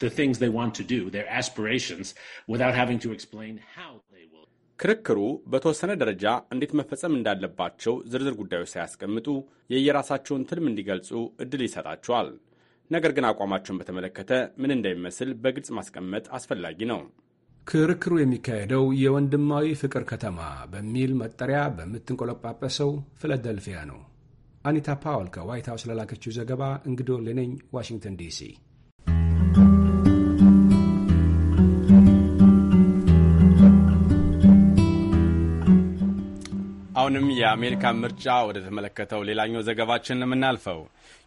S5: the things they want to do, their
S1: aspirations, without having to explain how they will. ክርክሩ በተወሰነ ደረጃ እንዴት መፈጸም እንዳለባቸው ዝርዝር ጉዳዮች ሳያስቀምጡ የየራሳቸውን ትልም እንዲገልጹ እድል ይሰጣቸዋል። ነገር ግን አቋማቸውን በተመለከተ ምን እንደሚመስል በግልጽ ማስቀመጥ አስፈላጊ ነው።
S10: ክርክሩ የሚካሄደው የወንድማዊ ፍቅር ከተማ በሚል መጠሪያ በምትንቆለጳጰሰው ፊላደልፊያ ነው። አኒታ ፓወል ከዋይት ሀውስ ለላከችው ዘገባ እንግዶ ለነኝ ዋሽንግተን ዲሲ።
S1: አሁንም የአሜሪካ ምርጫ ወደ ተመለከተው ሌላኛው ዘገባችን የምናልፈው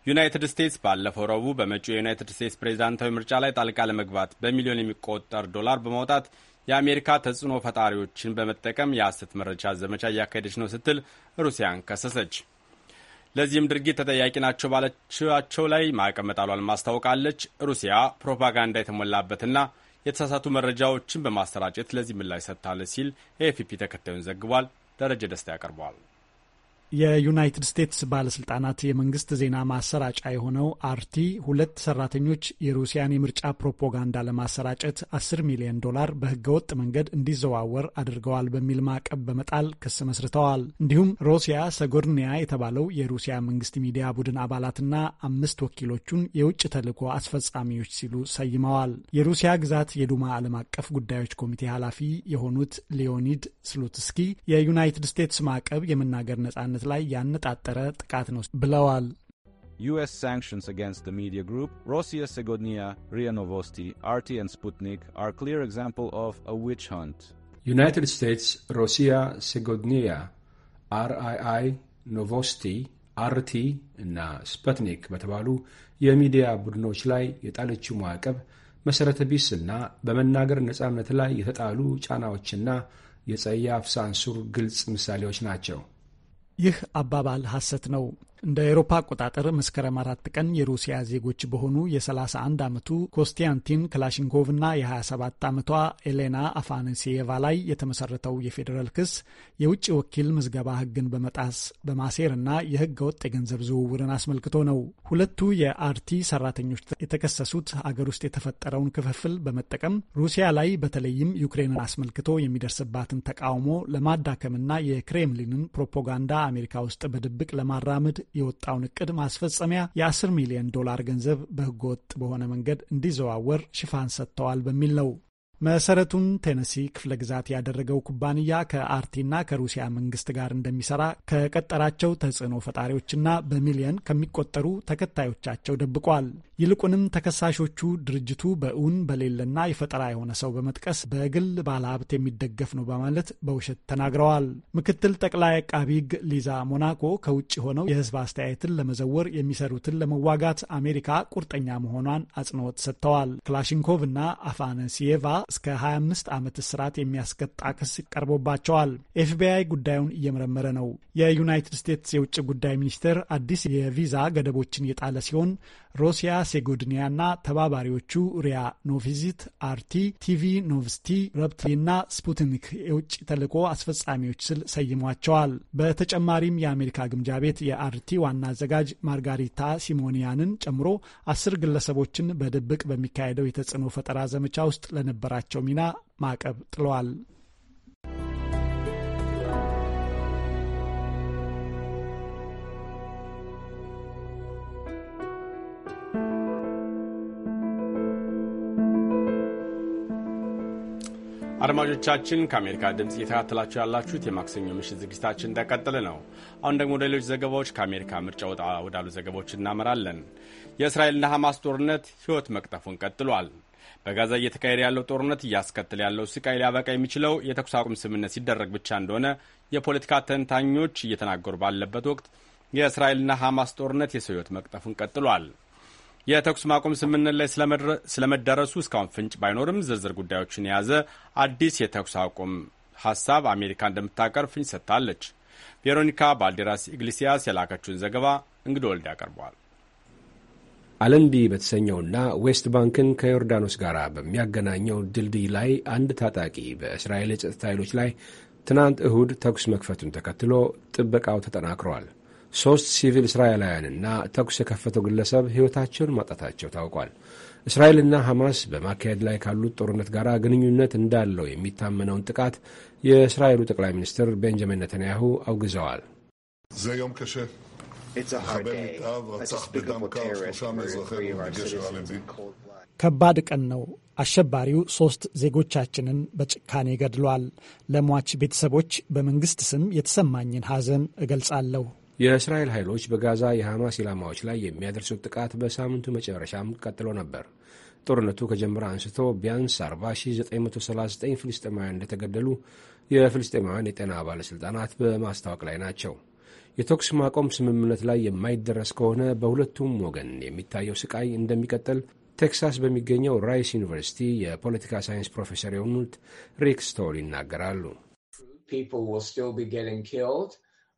S1: ዩናይትድ ስቴትስ ባለፈው ረቡዕ በመጪው የዩናይትድ ስቴትስ ፕሬዚዳንታዊ ምርጫ ላይ ጣልቃ ለመግባት በሚሊዮን የሚቆጠር ዶላር በማውጣት የአሜሪካ ተጽዕኖ ፈጣሪዎችን በመጠቀም የሐሰት መረጃ ዘመቻ እያካሄደች ነው ስትል ሩሲያን ከሰሰች። ለዚህም ድርጊት ተጠያቂ ናቸው ባለችቸው ላይ ማዕቀብ መጣሏን ማስታወቃለች። ሩሲያ ፕሮፓጋንዳ የተሞላበትና የተሳሳቱ መረጃዎችን በማሰራጨት ለዚህ ምላሽ ሰጥታለች ሲል ኤኤፍፒ ተከታዩን ዘግቧል። ደረጀ ደስታ ያቀርበዋል።
S7: የዩናይትድ ስቴትስ ባለስልጣናት የመንግስት ዜና ማሰራጫ የሆነው አርቲ ሁለት ሰራተኞች የሩሲያን የምርጫ ፕሮፓጋንዳ ለማሰራጨት 10 ሚሊዮን ዶላር በህገወጥ መንገድ እንዲዘዋወር አድርገዋል በሚል ማዕቀብ በመጣል ክስ መስርተዋል። እንዲሁም ሮሲያ ሰጎድኒያ የተባለው የሩሲያ መንግስት ሚዲያ ቡድን አባላትና አምስት ወኪሎቹን የውጭ ተልዕኮ አስፈጻሚዎች ሲሉ ሰይመዋል። የሩሲያ ግዛት የዱማ ዓለም አቀፍ ጉዳዮች ኮሚቴ ኃላፊ የሆኑት ሊዮኒድ ስሉትስኪ የዩናይትድ ስቴትስ ማዕቀብ የመናገር ነጻነት ነጻነት ላይ ያነጣጠረ ጥቃት ነው ብለዋል።
S1: US sanctions against the media group Rossiya Segodnia, RIA Novosti, RT and Sputnik are clear example of a witch hunt.
S10: United States Rossiya Segodnia, RII Novosti, አርቲ እና ስፐትኒክ በተባሉ የሚዲያ ቡድኖች ላይ የጣለችው ማዕቀብ መሠረተ ቢስ እና በመናገር ነጻነት ላይ የተጣሉ ጫናዎችና የጸያፍ ሳንሱር ግልጽ ምሳሌዎች ናቸው። ይህ አባባል ሐሰት ነው። እንደ አውሮፓ አቆጣጠር መስከረም
S7: አራት ቀን የሩሲያ ዜጎች በሆኑ የ31 ዓመቱ ኮንስታንቲን እና የ27 ዓመቷ ኤሌና አፋንሲየቫ ላይ የተመሰረተው የፌዴራል ክስ የውጭ ወኪል ምዝገባ ሕግን በመጣስ ና የሕገ ወጥ የገንዘብ ዝውውርን አስመልክቶ ነው። ሁለቱ የአርቲ ሰራተኞች የተከሰሱት አገር ውስጥ የተፈጠረውን ክፍፍል በመጠቀም ሩሲያ ላይ በተለይም ዩክሬንን አስመልክቶ የሚደርስባትን ተቃውሞ ለማዳከምና የክሬምሊንን ፕሮፓጋንዳ አሜሪካ ውስጥ በድብቅ ለማራመድ የወጣውን እቅድ ማስፈጸሚያ የ10 ሚሊዮን ዶላር ገንዘብ በህገወጥ በሆነ መንገድ እንዲዘዋወር ሽፋን ሰጥተዋል በሚል ነው። መሰረቱን ቴነሲ ክፍለ ግዛት ያደረገው ኩባንያ ከአርቲና ከሩሲያ መንግስት ጋር እንደሚሰራ ከቀጠራቸው ተጽዕኖ ፈጣሪዎችና በሚሊየን ከሚቆጠሩ ተከታዮቻቸው ደብቋል። ይልቁንም ተከሳሾቹ ድርጅቱ በእውን በሌለና የፈጠራ የሆነ ሰው በመጥቀስ በግል ባለሀብት የሚደገፍ ነው በማለት በውሸት ተናግረዋል። ምክትል ጠቅላይ አቃቢ ሕግ ሊዛ ሞናኮ ከውጭ ሆነው የህዝብ አስተያየትን ለመዘወር የሚሰሩትን ለመዋጋት አሜሪካ ቁርጠኛ መሆኗን አጽንኦት ሰጥተዋል። ክላሽንኮቭ እና አፋነሲየቫ እስከ 25 ዓመት እስራት የሚያስቀጣ ክስ ቀርቦባቸዋል። ኤፍቢአይ ጉዳዩን እየመረመረ ነው። የዩናይትድ ስቴትስ የውጭ ጉዳይ ሚኒስቴር አዲስ የቪዛ ገደቦችን የጣለ ሲሆን ሮሲያ ሴጎድኒያና ተባባሪዎቹ ሪያ ኖቪዚት፣ አርቲ፣ ቲቪ ኖቭስቲ፣ ረብትና ስፑትኒክ የውጭ ተልዕኮ አስፈጻሚዎች ስል ሰይሟቸዋል። በተጨማሪም የአሜሪካ ግምጃ ቤት የአርቲ ዋና አዘጋጅ ማርጋሪታ ሲሞኒያንን ጨምሮ አስር ግለሰቦችን በድብቅ በሚካሄደው የተጽዕኖ ፈጠራ ዘመቻ ውስጥ ለነበራቸው ሚና ማዕቀብ ጥለዋል።
S1: አድማጮቻችን ከአሜሪካ ድምፅ እየተካተላችሁ ያላችሁት የማክሰኞ ምሽት ዝግጅታችን እንደቀጠለ ነው። አሁን ደግሞ ሌሎች ዘገባዎች ከአሜሪካ ምርጫ ወጣ ወዳሉ ዘገባዎች እናመራለን። የእስራኤልና ሐማስ ጦርነት ሕይወት መቅጠፉን ቀጥሏል። በጋዛ እየተካሄደ ያለው ጦርነት እያስከተለ ያለው ስቃይ ሊያበቃ የሚችለው የተኩስ አቁም ስምምነት ሲደረግ ብቻ እንደሆነ የፖለቲካ ተንታኞች እየተናገሩ ባለበት ወቅት የእስራኤልና ሐማስ ጦርነት የሰው ሕይወት መቅጠፉን ቀጥሏል። የተኩስ ማቆም ስምምነት ላይ ስለመደረሱ እስካሁን ፍንጭ ባይኖርም ዝርዝር ጉዳዮችን የያዘ አዲስ የተኩስ አቁም ሀሳብ አሜሪካ እንደምታቀርብ ፍንጭ ሰጥታለች። ቬሮኒካ ባልዴራስ ኢግሊሲያስ የላከችውን ዘገባ እንግዶ ወልድ ያቀርበዋል።
S10: አለንቢ በተሰኘውና ዌስት ባንክን ከዮርዳኖስ ጋር በሚያገናኘው ድልድይ ላይ አንድ ታጣቂ በእስራኤል የጸጥታ ኃይሎች ላይ ትናንት እሁድ ተኩስ መክፈቱን ተከትሎ ጥበቃው ተጠናክሯል። ሦስት ሲቪል እስራኤላውያንና ተኩስ የከፈተው ግለሰብ ሕይወታቸውን ማጣታቸው ታውቋል። እስራኤልና ሐማስ በማካሄድ ላይ ካሉት ጦርነት ጋር ግንኙነት እንዳለው የሚታመነውን ጥቃት የእስራኤሉ ጠቅላይ ሚኒስትር ቤንጃሚን ነተንያሁ አውግዘዋል።
S7: ከባድ ቀን ነው። አሸባሪው ሶስት ዜጎቻችንን በጭካኔ ገድሏል። ለሟች ቤተሰቦች በመንግስት ስም የተሰማኝን ሐዘን እገልጻለሁ።
S10: የእስራኤል ኃይሎች በጋዛ የሐማስ ኢላማዎች ላይ የሚያደርሱት ጥቃት በሳምንቱ መጨረሻም ቀጥሎ ነበር። ጦርነቱ ከጀመረ አንስቶ ቢያንስ 40939 ፍልስጤማውያን እንደተገደሉ የፍልስጤማውያን የጤና ባለሥልጣናት በማስታወቅ ላይ ናቸው። የተኩስ ማቆም ስምምነት ላይ የማይደረስ ከሆነ በሁለቱም ወገን የሚታየው ስቃይ እንደሚቀጥል ቴክሳስ በሚገኘው ራይስ ዩኒቨርሲቲ የፖለቲካ ሳይንስ ፕሮፌሰር የሆኑት ሪክ ስቶል ይናገራሉ።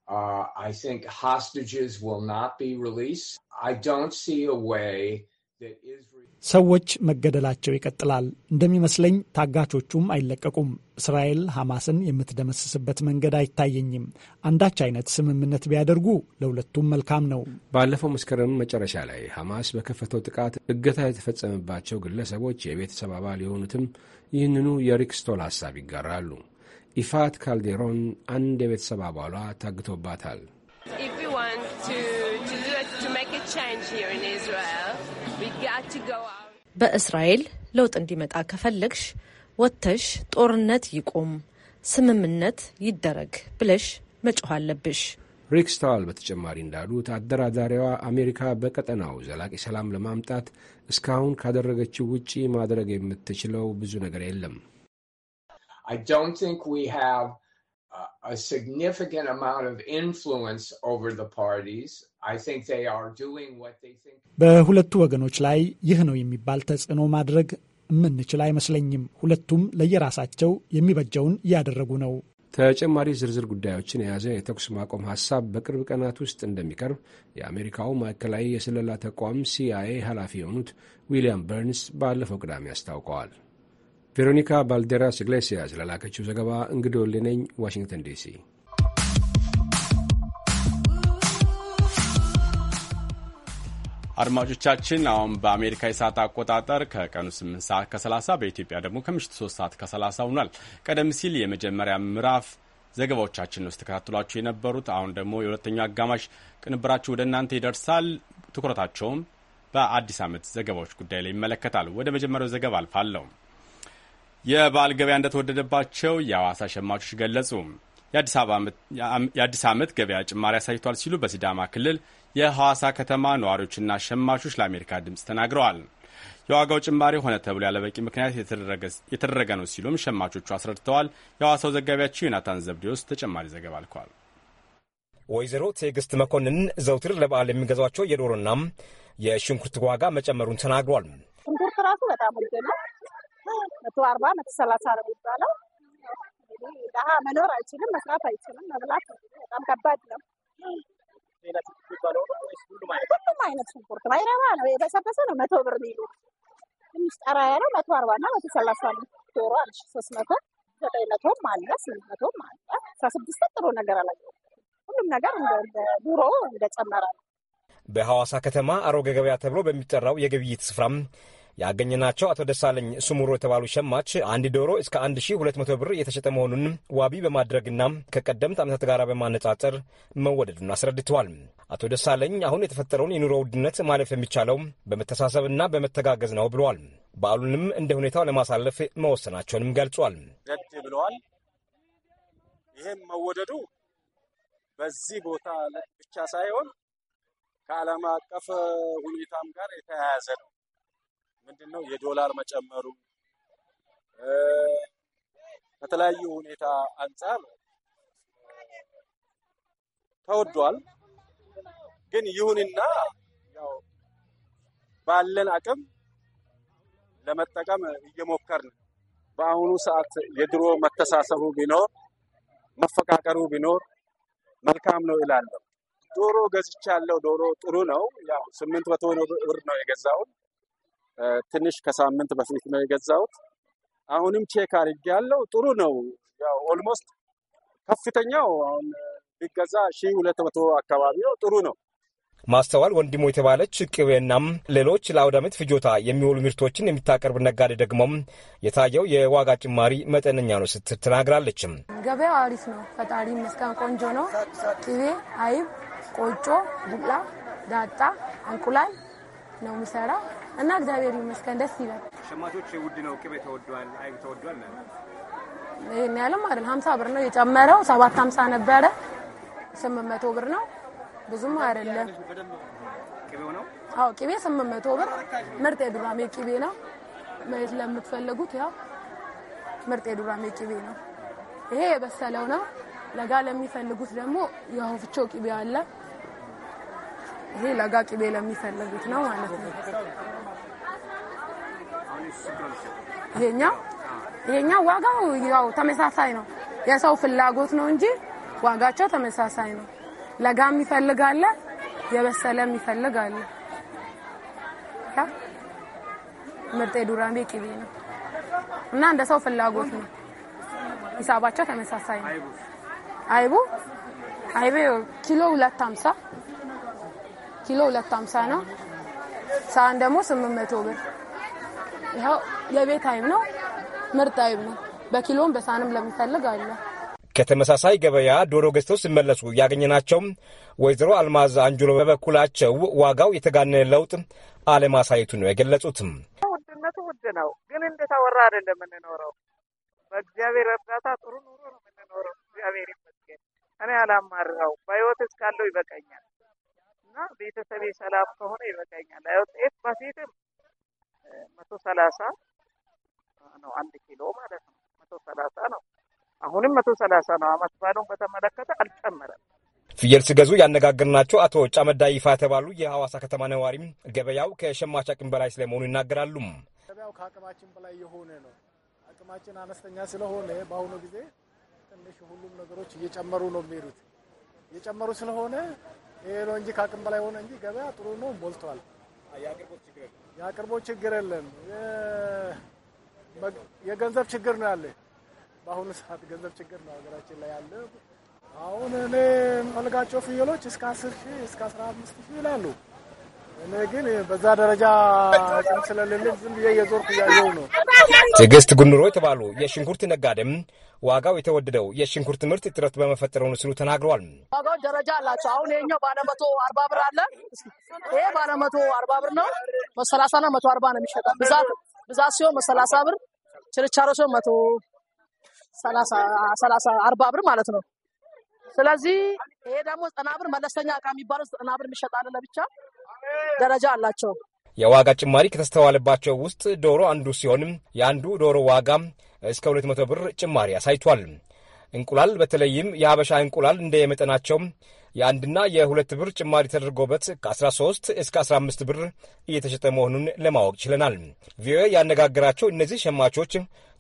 S6: Uh, I think hostages will not be released. I don't see a way that Israel.
S7: ሰዎች መገደላቸው ይቀጥላል። እንደሚመስለኝ ታጋቾቹም አይለቀቁም። እስራኤል ሐማስን የምትደመስስበት መንገድ አይታየኝም። አንዳች አይነት ስምምነት ቢያደርጉ ለሁለቱም መልካም ነው።
S10: ባለፈው መስከረም መጨረሻ ላይ ሐማስ በከፈተው ጥቃት እገታ የተፈጸመባቸው ግለሰቦች የቤተሰብ አባል የሆኑትም ይህንኑ የሪክስቶል ሐሳብ ይጋራሉ። ኢፋት ካልዴሮን አንድ የቤተሰብ አባሏ ታግቶባታል።
S4: በእስራኤል ለውጥ እንዲመጣ ከፈለግሽ ወጥተሽ ጦርነት ይቆም፣ ስምምነት ይደረግ ብለሽ
S10: መጮህ አለብሽ። ሪክ በተጨማሪ እንዳሉት አደራዳሪዋ አሜሪካ በቀጠናው ዘላቂ ሰላም ለማምጣት እስካሁን ካደረገችው ውጪ ማድረግ የምትችለው ብዙ ነገር
S6: የለም። I don't think we have uh, a significant amount of influence over the parties. I think they are doing what they think.
S7: በሁለቱ ወገኖች ላይ ይህ ነው የሚባል ተጽዕኖ ማድረግ የምንችል አይመስለኝም። ሁለቱም ለየራሳቸው የሚበጀውን እያደረጉ ነው።
S10: ተጨማሪ ዝርዝር ጉዳዮችን የያዘ የተኩስ ማቆም ሀሳብ በቅርብ ቀናት ውስጥ እንደሚቀርብ የአሜሪካው ማዕከላዊ የስለላ ተቋም ሲአይኤ ኃላፊ የሆኑት ዊሊያም በርንስ ባለፈው ቅዳሜ አስታውቀዋል። ቬሮኒካ ባልዴራስ ኢግሌሲያስ ለላከችው ዘገባ እንግዲህ ወልነኝ ዋሽንግተን ዲሲ።
S1: አድማጮቻችን አሁን በአሜሪካ የሰዓት አቆጣጠር ከቀኑ 8 ሰዓት ከ30 በኢትዮጵያ ደግሞ ከምሽቱ 3 ሰዓት ከ30 ሆኗል። ቀደም ሲል የመጀመሪያ ምዕራፍ ዘገባዎቻችን ውስጥ ተከታትሏቸው የነበሩት። አሁን ደግሞ የሁለተኛው አጋማሽ ቅንብራችሁ ወደ እናንተ ይደርሳል። ትኩረታቸውም በአዲስ ዓመት ዘገባዎች ጉዳይ ላይ ይመለከታል። ወደ መጀመሪያው ዘገባ አልፋለሁ። የበዓል ገበያ እንደተወደደባቸው የአዋሳ ሸማቾች ገለጹ። የአዲስ ዓመት ገበያ ጭማሪ አሳይቷል ሲሉ በሲዳማ ክልል የሐዋሳ ከተማ ነዋሪዎችና ሸማቾች ለአሜሪካ ድምፅ ተናግረዋል። የዋጋው ጭማሪ ሆነ ተብሎ ያለበቂ ምክንያት የተደረገ ነው ሲሉም ሸማቾቹ አስረድተዋል። የሐዋሳው ዘጋቢያቸው ዮናታን ዘብዴዎስ ተጨማሪ ዘገባ አልከዋል።
S12: ወይዘሮ ትዕግስት መኮንን ዘውትር ለበዓል የሚገዛቸው የዶሮና የሽንኩርት ዋጋ መጨመሩን ተናግሯል።
S8: ሽንኩርት ራሱ በጣም ውድ ነው። መቶ አርባ መቶ ሰላሳ ነው የሚባለው። መኖር አይችልም፣ መስራት አይችልም፣ መብላት በጣም ከባድ ነው። ሁሉም አይነት ሽንኩርት ማይረባ ነው፣ የበሰበሰ ነው መቶ ብር ሚሉ ትንሽ ጠራ ያለው መቶ አርባ እና መቶ ሰላሳ ነው። ዶሮ ሶስት መቶ ዘጠኝ መቶም አለ ስምንት መቶም አለ። አስራ ስድስት ጥሩ ነገር አላየሁም። ሁሉም ነገር እንደ እንደጨመረ ነው።
S12: በሐዋሳ ከተማ አሮጌ ገበያ ተብሎ በሚጠራው የግብይት ስፍራም ያገኘናቸው አቶ ደሳለኝ ሱሙሮ የተባሉ ሸማች አንድ ዶሮ እስከ 1200 ብር የተሸጠ መሆኑን ዋቢ በማድረግና ከቀደምት ዓመታት ጋር በማነጻጸር መወደዱን አስረድተዋል። አቶ ደሳለኝ አሁን የተፈጠረውን የኑሮ ውድነት ማለፍ የሚቻለው በመተሳሰብና በመተጋገዝ ነው ብለዋል። በዓሉንም እንደ ሁኔታው ለማሳለፍ መወሰናቸውንም ገልጿል።
S8: ገድ ብለዋል። ይህም መወደዱ በዚህ ቦታ ብቻ ሳይሆን ከዓለም አቀፍ ሁኔታም ጋር የተያያዘ ነው። ምንድነው የዶላር መጨመሩ ከተለያዩ ሁኔታ አንጻር ተወዷል። ግን ይሁንና ያው ባለን አቅም ለመጠቀም እየሞከርን በአሁኑ ሰዓት የድሮ መተሳሰቡ ቢኖር መፈቃቀሩ ቢኖር መልካም ነው ይላለሁ። ዶሮ ገዝቻለሁ። ዶሮ ጥሩ ነው። ያው ስምንት መቶ ብር ነው የገዛው። ትንሽ ከሳምንት በፊት ነው የገዛሁት። አሁንም ቼክ አድርጌ ያለው ጥሩ ነው። ያው ኦልሞስት ከፍተኛው አሁን ቢገዛ ሺ ሁለት መቶ አካባቢ ነው። ጥሩ ነው።
S12: ማስተዋል ወንድሞ የተባለች ቅቤናም ሌሎች ለአውደ ፍጆታ የሚውሉ ምርቶችን የሚታቀርብ ነጋዴ ደግሞም የታየው የዋጋ ጭማሪ መጠነኛ ነው ስትል ተናግራለችም።
S13: ገበያው አሪፍ ነው፣ ፈጣሪ ይመስገን፣ ቆንጆ ነው። ቅቤ፣ አይብ፣ ቆጮ፣ ቡላ፣ ዳጣ፣ እንቁላል ነው የሚሰራ እና እግዚአብሔር ይመስገን ደስ ይላል።
S12: ሸማቾች ውድ ነው፣ ቅቤ ተወዷል፣ አይብ ተወዷል ማለት
S13: ይሄን አይደል፣ 50 ብር ነው የጨመረው። 750 ነበረ፣ 800 ብር ነው። ብዙም አይደለም። ቅቤው ነው። አዎ ቅቤ 800 ብር፣ ምርጥ የዱራሜ ቅቤ ነው። ማየት ለምትፈልጉት ያው ምርጥ የዱራሜ ቅቤ ነው። ይሄ የበሰለው ነው። ለጋ ለሚፈልጉት ደግሞ የወፍጮ ቅቤ አለ። ይሄ ለጋ ቅቤ ለሚፈልጉት ነው ማለት ነው። ይሄኛው ይሄኛው ዋጋው ያው ተመሳሳይ ነው። የሰው ፍላጎት ነው እንጂ ዋጋቸው ተመሳሳይ ነው። ለጋም ይፈልጋለ የበሰለም ይፈልጋለ። ምርጥ የዱራሜ ቅቤ ነው እና እንደ ሰው ፍላጎት ነው። ሂሳባቸው ተመሳሳይ ነው። አይቡ አይቤ ኪሎ ኪሎ ነው። ሳህን ደግሞ 800 ብር ይኸው የቤት አይብ ነው። ምርጥ አይብ ነው። በኪሎም በሳንም ለሚፈልግ አለ።
S12: ከተመሳሳይ ገበያ ዶሮ ገዝተው ሲመለሱ ያገኘናቸው ወይዘሮ አልማዝ አንጁሎ በበኩላቸው ዋጋው የተጋነነ ለውጥ አለማሳየቱ ነው የገለጹትም።
S8: ውድነቱ ውድ ነው፣ ግን እንደተወራ አይደለም የምንኖረው። በእግዚአብሔር እርዳታ ጥሩ ኑሮ ነው የምንኖረው። እግዚአብሔር ይመስገን። እኔ አላማርኸው፣ በህይወት እስካለው ይበቃኛል እና ቤተሰቤ ሰላም ከሆነ ይበቃኛል። ጤፍ በፊትም መቶ ሰላሳ ነው አንድ ኪሎ ማለት ነው። መቶ ሰላሳ ነው። አሁንም መቶ ሰላሳ ነው። አመት ባለውን በተመለከተ አልጨመረም።
S12: ፍየል ሲገዙ ያነጋገርናቸው አቶ ጫመዳ ይፋ የተባሉ የሐዋሳ ከተማ ነዋሪም ገበያው ከሸማች አቅም በላይ ስለመሆኑ ይናገራሉ።
S14: ገበያው ከአቅማችን በላይ የሆነ ነው። አቅማችን አነስተኛ ስለሆነ በአሁኑ ጊዜ ትንሽ ሁሉም ነገሮች እየጨመሩ ነው የሚሄዱት። እየጨመሩ ስለሆነ ይሄ ነው እንጂ ከአቅም በላይ ሆነ እንጂ ገበያ ጥሩ ነው፣ ሞልቷል። የአቅርቦት ችግር የለም። የገንዘብ ችግር ነው ያለ። በአሁኑ ሰዓት ገንዘብ ችግር ነው ሀገራችን ላይ ያለ። አሁን እኔ የምፈልጋቸው ፍየሎች እስከ አስር ሺህ እስከ አስራ አምስት ሺህ ይላሉ። እኔ ግን በዛ ደረጃ አቅም ስለሌለኝ ዝም ብዬ እያየሁ ነው።
S12: ትዕግስት የተባሉ የሽንኩርት ነጋዴም ዋጋው የተወደደው የሽንኩርት ምርት እጥረት በመፈጠረው ነው ሲሉ ተናግረዋል።
S8: ዋጋው ደረጃ አላቸው። አሁን ይሄኛው ባለ መቶ አርባ ብር አለ። ይሄ ባለ አርባ
S2: ብር ነው። መሰላሳና መቶ አርባ ነው የሚሸጠው። ብዛት ብዛት ሲሆን መሰላሳ ብር፣ ችርቻሮ ሲሆን መቶ ሰላሳ አርባ ብር ማለት ነው። ስለዚህ ይሄ ደግሞ ዘጠና ብር መለስተኛ እቃ የሚባለው ዘጠና ብር የሚሸጥ አለ ለብቻ ደረጃ አላቸው።
S12: የዋጋ ጭማሪ ከተስተዋለባቸው ውስጥ ዶሮ አንዱ ሲሆንም የአንዱ ዶሮ ዋጋ እስከ 200 ብር ጭማሪ አሳይቷል። እንቁላል በተለይም የሀበሻ እንቁላል እንደ የመጠናቸው የአንድና የሁለት ብር ጭማሪ ተደርጎበት ከ13 እስከ 15 ብር እየተሸጠ መሆኑን ለማወቅ ችለናል። ቪኦኤ ያነጋገራቸው እነዚህ ሸማቾች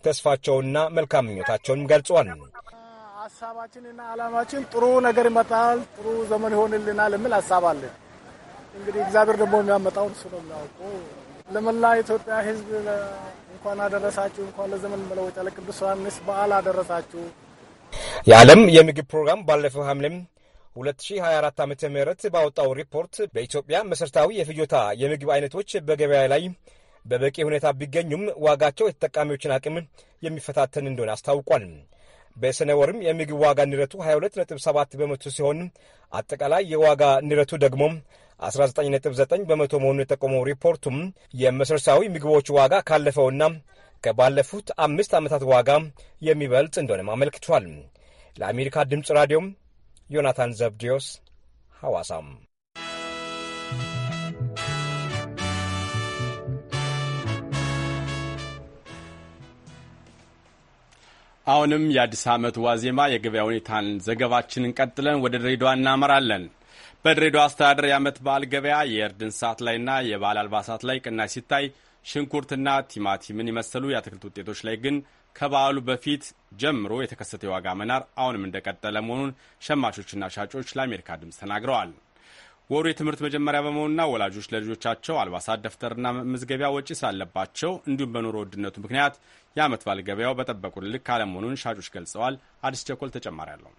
S12: ተስፋቸውና መልካም ምኞታቸውንም ገልጸዋል።
S14: ሀሳባችንና አላማችን ጥሩ ነገር ይመጣል፣ ጥሩ ዘመን ይሆንልናል የሚል ሀሳብ አለን። እንግዲህ እግዚአብሔር ደግሞ የሚያመጣው እሱ ነው የሚያውቀው። ለመላ ኢትዮጵያ ሕዝብ እንኳን አደረሳችሁ፣ እንኳን ለዘመን መለወጫ ለቅዱስ ዮሐንስ በዓል አደረሳችሁ።
S12: የዓለም የምግብ ፕሮግራም ባለፈው ሐምሌም 2024 ዓ ም ባወጣው ሪፖርት በኢትዮጵያ መሠረታዊ የፍጆታ የምግብ አይነቶች በገበያ ላይ በበቂ ሁኔታ ቢገኙም ዋጋቸው የተጠቃሚዎችን አቅም የሚፈታተን እንደሆነ አስታውቋል። በሰኔ ወርም የምግብ ዋጋ ንረቱ 22.7 በመቶ ሲሆን አጠቃላይ የዋጋ ንረቱ ደግሞ 19.9 በመቶ መሆኑን የጠቆመው ሪፖርቱም የመሰረታዊ ምግቦች ዋጋ ካለፈውና ከባለፉት አምስት ዓመታት ዋጋ የሚበልጥ እንደሆነም አመልክቷል። ለአሜሪካ ድምፅ ራዲዮም ዮናታን ዘብዲዮስ ሐዋሳም
S1: አሁንም የአዲስ ዓመት ዋዜማ የገበያ ሁኔታን ዘገባችንን ቀጥለን ወደ ድሬዳዋ እናመራለን። በድሬዳዋ አስተዳደር የዓመት በዓል ገበያ የእርድ እንስሳት ላይና የባህል አልባሳት ላይ ቅናሽ ሲታይ ሽንኩርትና ቲማቲምን የመሰሉ የአትክልት ውጤቶች ላይ ግን ከበዓሉ በፊት ጀምሮ የተከሰተ የዋጋ መናር አሁንም እንደቀጠለ መሆኑን ሸማቾችና ሻጮች ለአሜሪካ ድምፅ ተናግረዋል። ወሩ የትምህርት መጀመሪያ በመሆኑና ወላጆች ለልጆቻቸው አልባሳት፣ ደብተርና መመዝገቢያ ወጪ ስላለባቸው እንዲሁም በኑሮ ውድነቱ ምክንያት የዓመት በዓል ገበያው በጠበቁት ልክ አለመሆኑን ሻጮች ገልጸዋል። አዲስ ቸኮል ተጨማሪ አለው።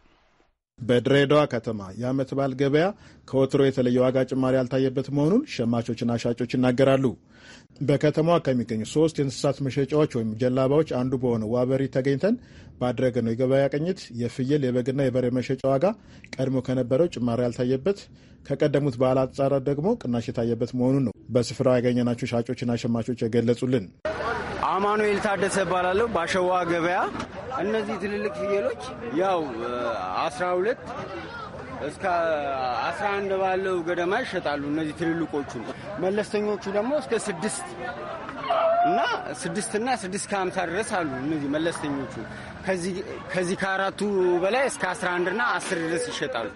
S11: በድሬዳዋ ከተማ የዓመት በዓል ገበያ ከወትሮ የተለየ ዋጋ ጭማሪ ያልታየበት መሆኑን ሸማቾችና ሻጮች ይናገራሉ። በከተማዋ ከሚገኙ ሶስት የእንስሳት መሸጫዎች ወይም ጀላባዎች አንዱ በሆነው ዋበሪ ተገኝተን ባደረግነው የገበያ ቅኝት የፍየል የበግና የበሬ መሸጫ ዋጋ ቀድሞ ከነበረው ጭማሪ ያልታየበት፣ ከቀደሙት በዓል አንጻር ደግሞ ቅናሽ የታየበት መሆኑን ነው በስፍራው ያገኘናቸው ሻጮችና ሸማቾች የገለጹልን።
S15: አማኑኤል ታደሰ እባላለሁ። በአሸዋ ገበያ እነዚህ ትልልቅ ፍየሎች ያው አስራ እስከ 11 ባለው ገደማ ይሸጣሉ። እነዚህ ትልልቆቹ መለስተኞቹ ደግሞ እስከ ስድስት እና ስድስት እና ስድስት ከሀምሳ ድረስ አሉ። እነዚህ መለስተኞቹ ከዚህ ከአራቱ በላይ እስከ 11 እና 10 ድረስ ይሸጣሉ።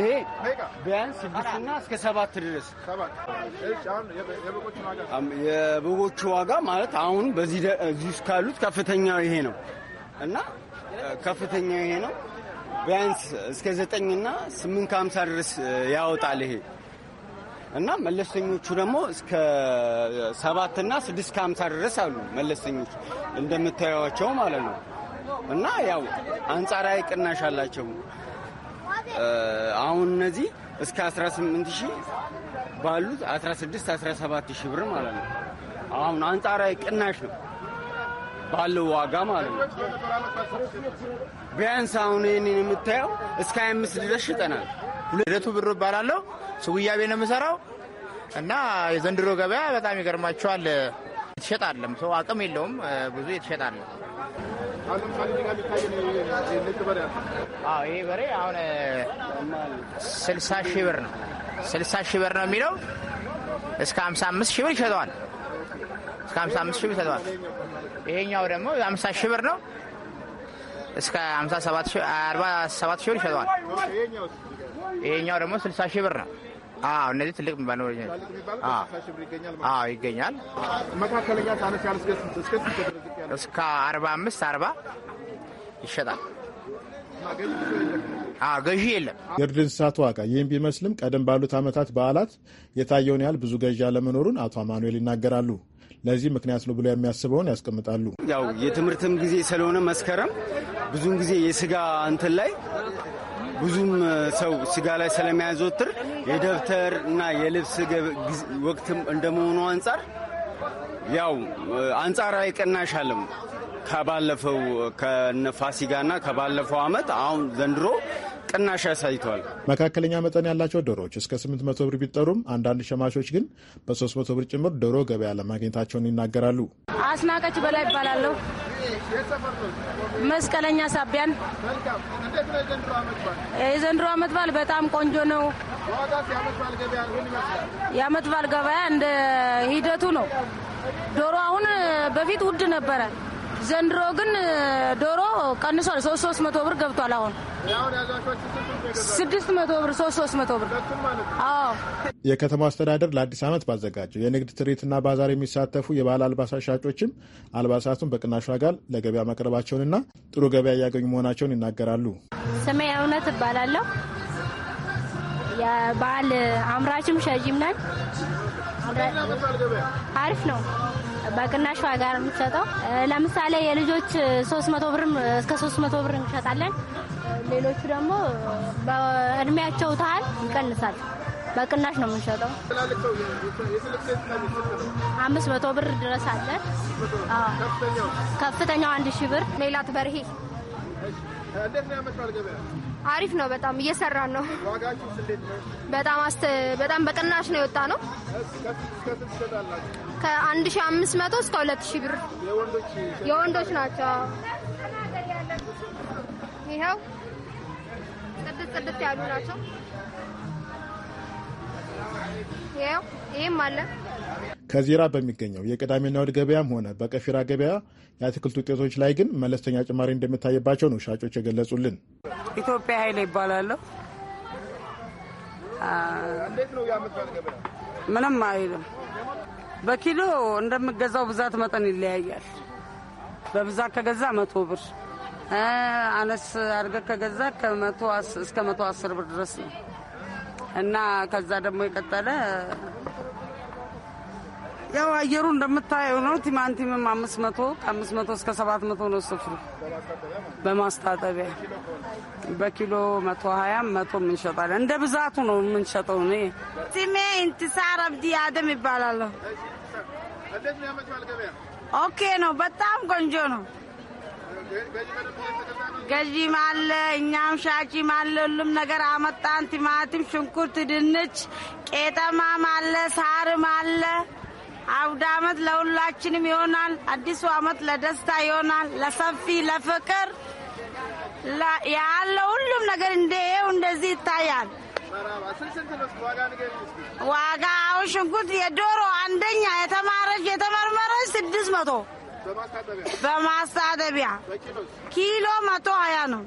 S15: ይሄ ቢያንስ ስድስትና እስከ ሰባት ድረስ የበጎቹ ዋጋ ማለት አሁን በዚህ ውስጥ ካሉት ከፍተኛ ይሄ ነው እና ከፍተኛ ይሄ ነው። ቢያንስ እስከ ዘጠኝና ስምንት ከሀምሳ ድረስ ያወጣል ይሄ እና መለስተኞቹ ደግሞ እስከ ሰባትና ስድስት ከሀምሳ ድረስ አሉ መለስተኞቹ እንደምታዩቸው ማለት ነው። እና ያው አንጻራዊ ቅናሽ አላቸው። አሁን እነዚህ እስከ 18 ሺህ ባሉት 16 17 ሺህ ብር ማለት ነው። አሁን አንጻራዊ ቅናሽ ነው ባለው ዋጋ ማለት ነው። ቢያንስ አሁን ይህንን የምታየው እስከ 25 ድረስ ሽጠናል። ሁለቱ ብር እባላለሁ ስጉያ ነው የምሰራው እና የዘንድሮ ገበያ በጣም ይገርማቸዋል። የተሸጣለም ሰው አቅም የለውም ብዙ የተሸጣለም ይሄ በሬ አሁን ስልሳ ሺህ ብር ነው። ስልሳ ሺህ ብር ነው የሚለው እስከ ሀምሳ አምስት ሺህ ብር ይሸጠዋል። እስከ ሀምሳ አምስት ሺህ ብር ይሸጠዋል። ይሄኛው ደግሞ ሀምሳ ሺህ ብር ነው። እስከ ሀምሳ ሰባት ሺህ አርባ ሰባት ሺህ ብር ይሸጠዋል። ይሄኛው ደግሞ ስልሳ ሺህ ብር ነው። እነዚህ ትልቅ የሚባለው ይገኛል። መካከለኛ እስከ አርባ አምስት አርባ ይሸጣል።
S11: ገዢ የለም። የእርድ እንስሳት ዋጋ ይህም ቢመስልም ቀደም ባሉት ዓመታት በዓላት የታየውን ያህል ብዙ ገዢ አለመኖሩን አቶ አማኑኤል ይናገራሉ። ለዚህ ምክንያት ነው ብሎ የሚያስበውን ያስቀምጣሉ።
S15: ያው የትምህርትም ጊዜ ስለሆነ መስከረም ብዙን ጊዜ የስጋ እንትን ላይ ብዙም ሰው ስጋ ላይ ስለሚያዘወትር የደብተር እና የልብስ ወቅትም እንደመሆኑ አንጻር ያው አንጻራዊ ቅናሽ አለም ከባለፈው ከነፋሲጋና ከባለፈው አመት አሁን ዘንድሮ ቅናሽ ያሳይተዋል።
S11: መካከለኛ መጠን ያላቸው ዶሮዎች እስከ 800 ብር ቢጠሩም አንዳንድ ሸማቾች ግን በ300 ብር ጭምር ዶሮ ገበያ ለማግኘታቸውን ይናገራሉ።
S13: አስናቀች በላይ ይባላለሁ። መስቀለኛ ሳቢያን
S14: የዘንድሮ አመት በዓል
S13: በጣም ቆንጆ ነው። የአመት በዓል ገበያ እንደ ሂደቱ ነው። ዶሮ አሁን በፊት ውድ ነበረ። ዘንድሮ ግን ዶሮ ቀንሷል። ሶስት ሶስት መቶ
S4: ብር ገብቷል። አሁን ስድስት መቶ ብር ሶስት ሶስት መቶ ብር። አዎ
S11: አስተዳደር ለአዲስ ዓመት ባዘጋጀው የንግድ ትርኢትና ባዛር የሚሳተፉ የባህል አልባሳት ሻጮችም አልባሳቱን በቅናሽ ዋጋ ለገበያ ማቅረባቸውንና ጥሩ ገበያ እያገኙ መሆናቸውን ይናገራሉ።
S3: ስሜ እውነት እባላለሁ። የባህል አምራችም ሸጂም ነን። አሪፍ ነው። በቅናሽ ዋጋ ነው የምትሸጠው። ለምሳሌ የልጆች 300 ብር እስከ 300 ብር እንሸጣለን። ሌሎቹ ደግሞ በእድሜያቸው ታህል ይቀንሳል። በቅናሽ ነው የምንሸጠው። አምስት መቶ ብር ድረስ አለን። ከፍተኛው አንድ ሺህ ብር። ሜላት በርሄ
S4: አሪፍ ነው። በጣም እየሰራን ነው። በጣም በቅናሽ ነው የወጣ ነው። ከ1500 እስከ
S13: 2000 ብር የወንዶች ናቸው። ይኸው ጽድት ጽድት ያሉ ናቸው።
S16: ይህም አለ።
S11: ከዚራ በሚገኘው የቅዳሜና እሁድ ገበያም ሆነ በቀፊራ ገበያ የአትክልት ውጤቶች ላይ ግን መለስተኛ ጭማሪ እንደሚታይባቸው ነው ሻጮች የገለጹልን።
S15: ኢትዮጵያ ኃይል ይባላለሁ። ምንም አይልም። በኪሎ እንደምገዛው ብዛት መጠን ይለያያል። በብዛት ከገዛ መቶ ብር አነስ አድርገ ከገዛ እስከ መቶ አስር ብር ድረስ ነው እና ከዛ ደግሞ የቀጠለ ያው አየሩ እንደምታየው ነው። ቲማንቲምም አምስት መቶ ከአምስት መቶ እስከ ሰባት መቶ ነው ስፍሩ በማስታጠቢያ በኪሎ መቶ ሀያም መቶ የምንሸጣለን። እንደ ብዛቱ ነው የምንሸጠው። እኔ ስሜ
S13: እንትሳር አብዲ አደም ይባላል። ኦኬ ነው። በጣም ቆንጆ ነው።
S14: ገዢም አለ፣
S13: እኛም ሻጭም አለ። ሁሉም ነገር አመጣን። ቲማቲም፣ ሽንኩርት፣ ድንች፣ ቄጠማም አለ፣ ሳርም አለ። አውደ አመት ለሁላችንም ይሆናል። አዲሱ አመት ለደስታ ይሆናል፣ ለሰፊ ለፍቅር ያለው ሁሉም ነገር እንደው እንደዚህ ይታያል። ዋጋ አሁን ሽንኩርት የዶሮ አንደኛ የተማረች የተመርመረች ስድስት መቶ በማስታጠቢያ ኪሎ መቶ ሀያ ነው።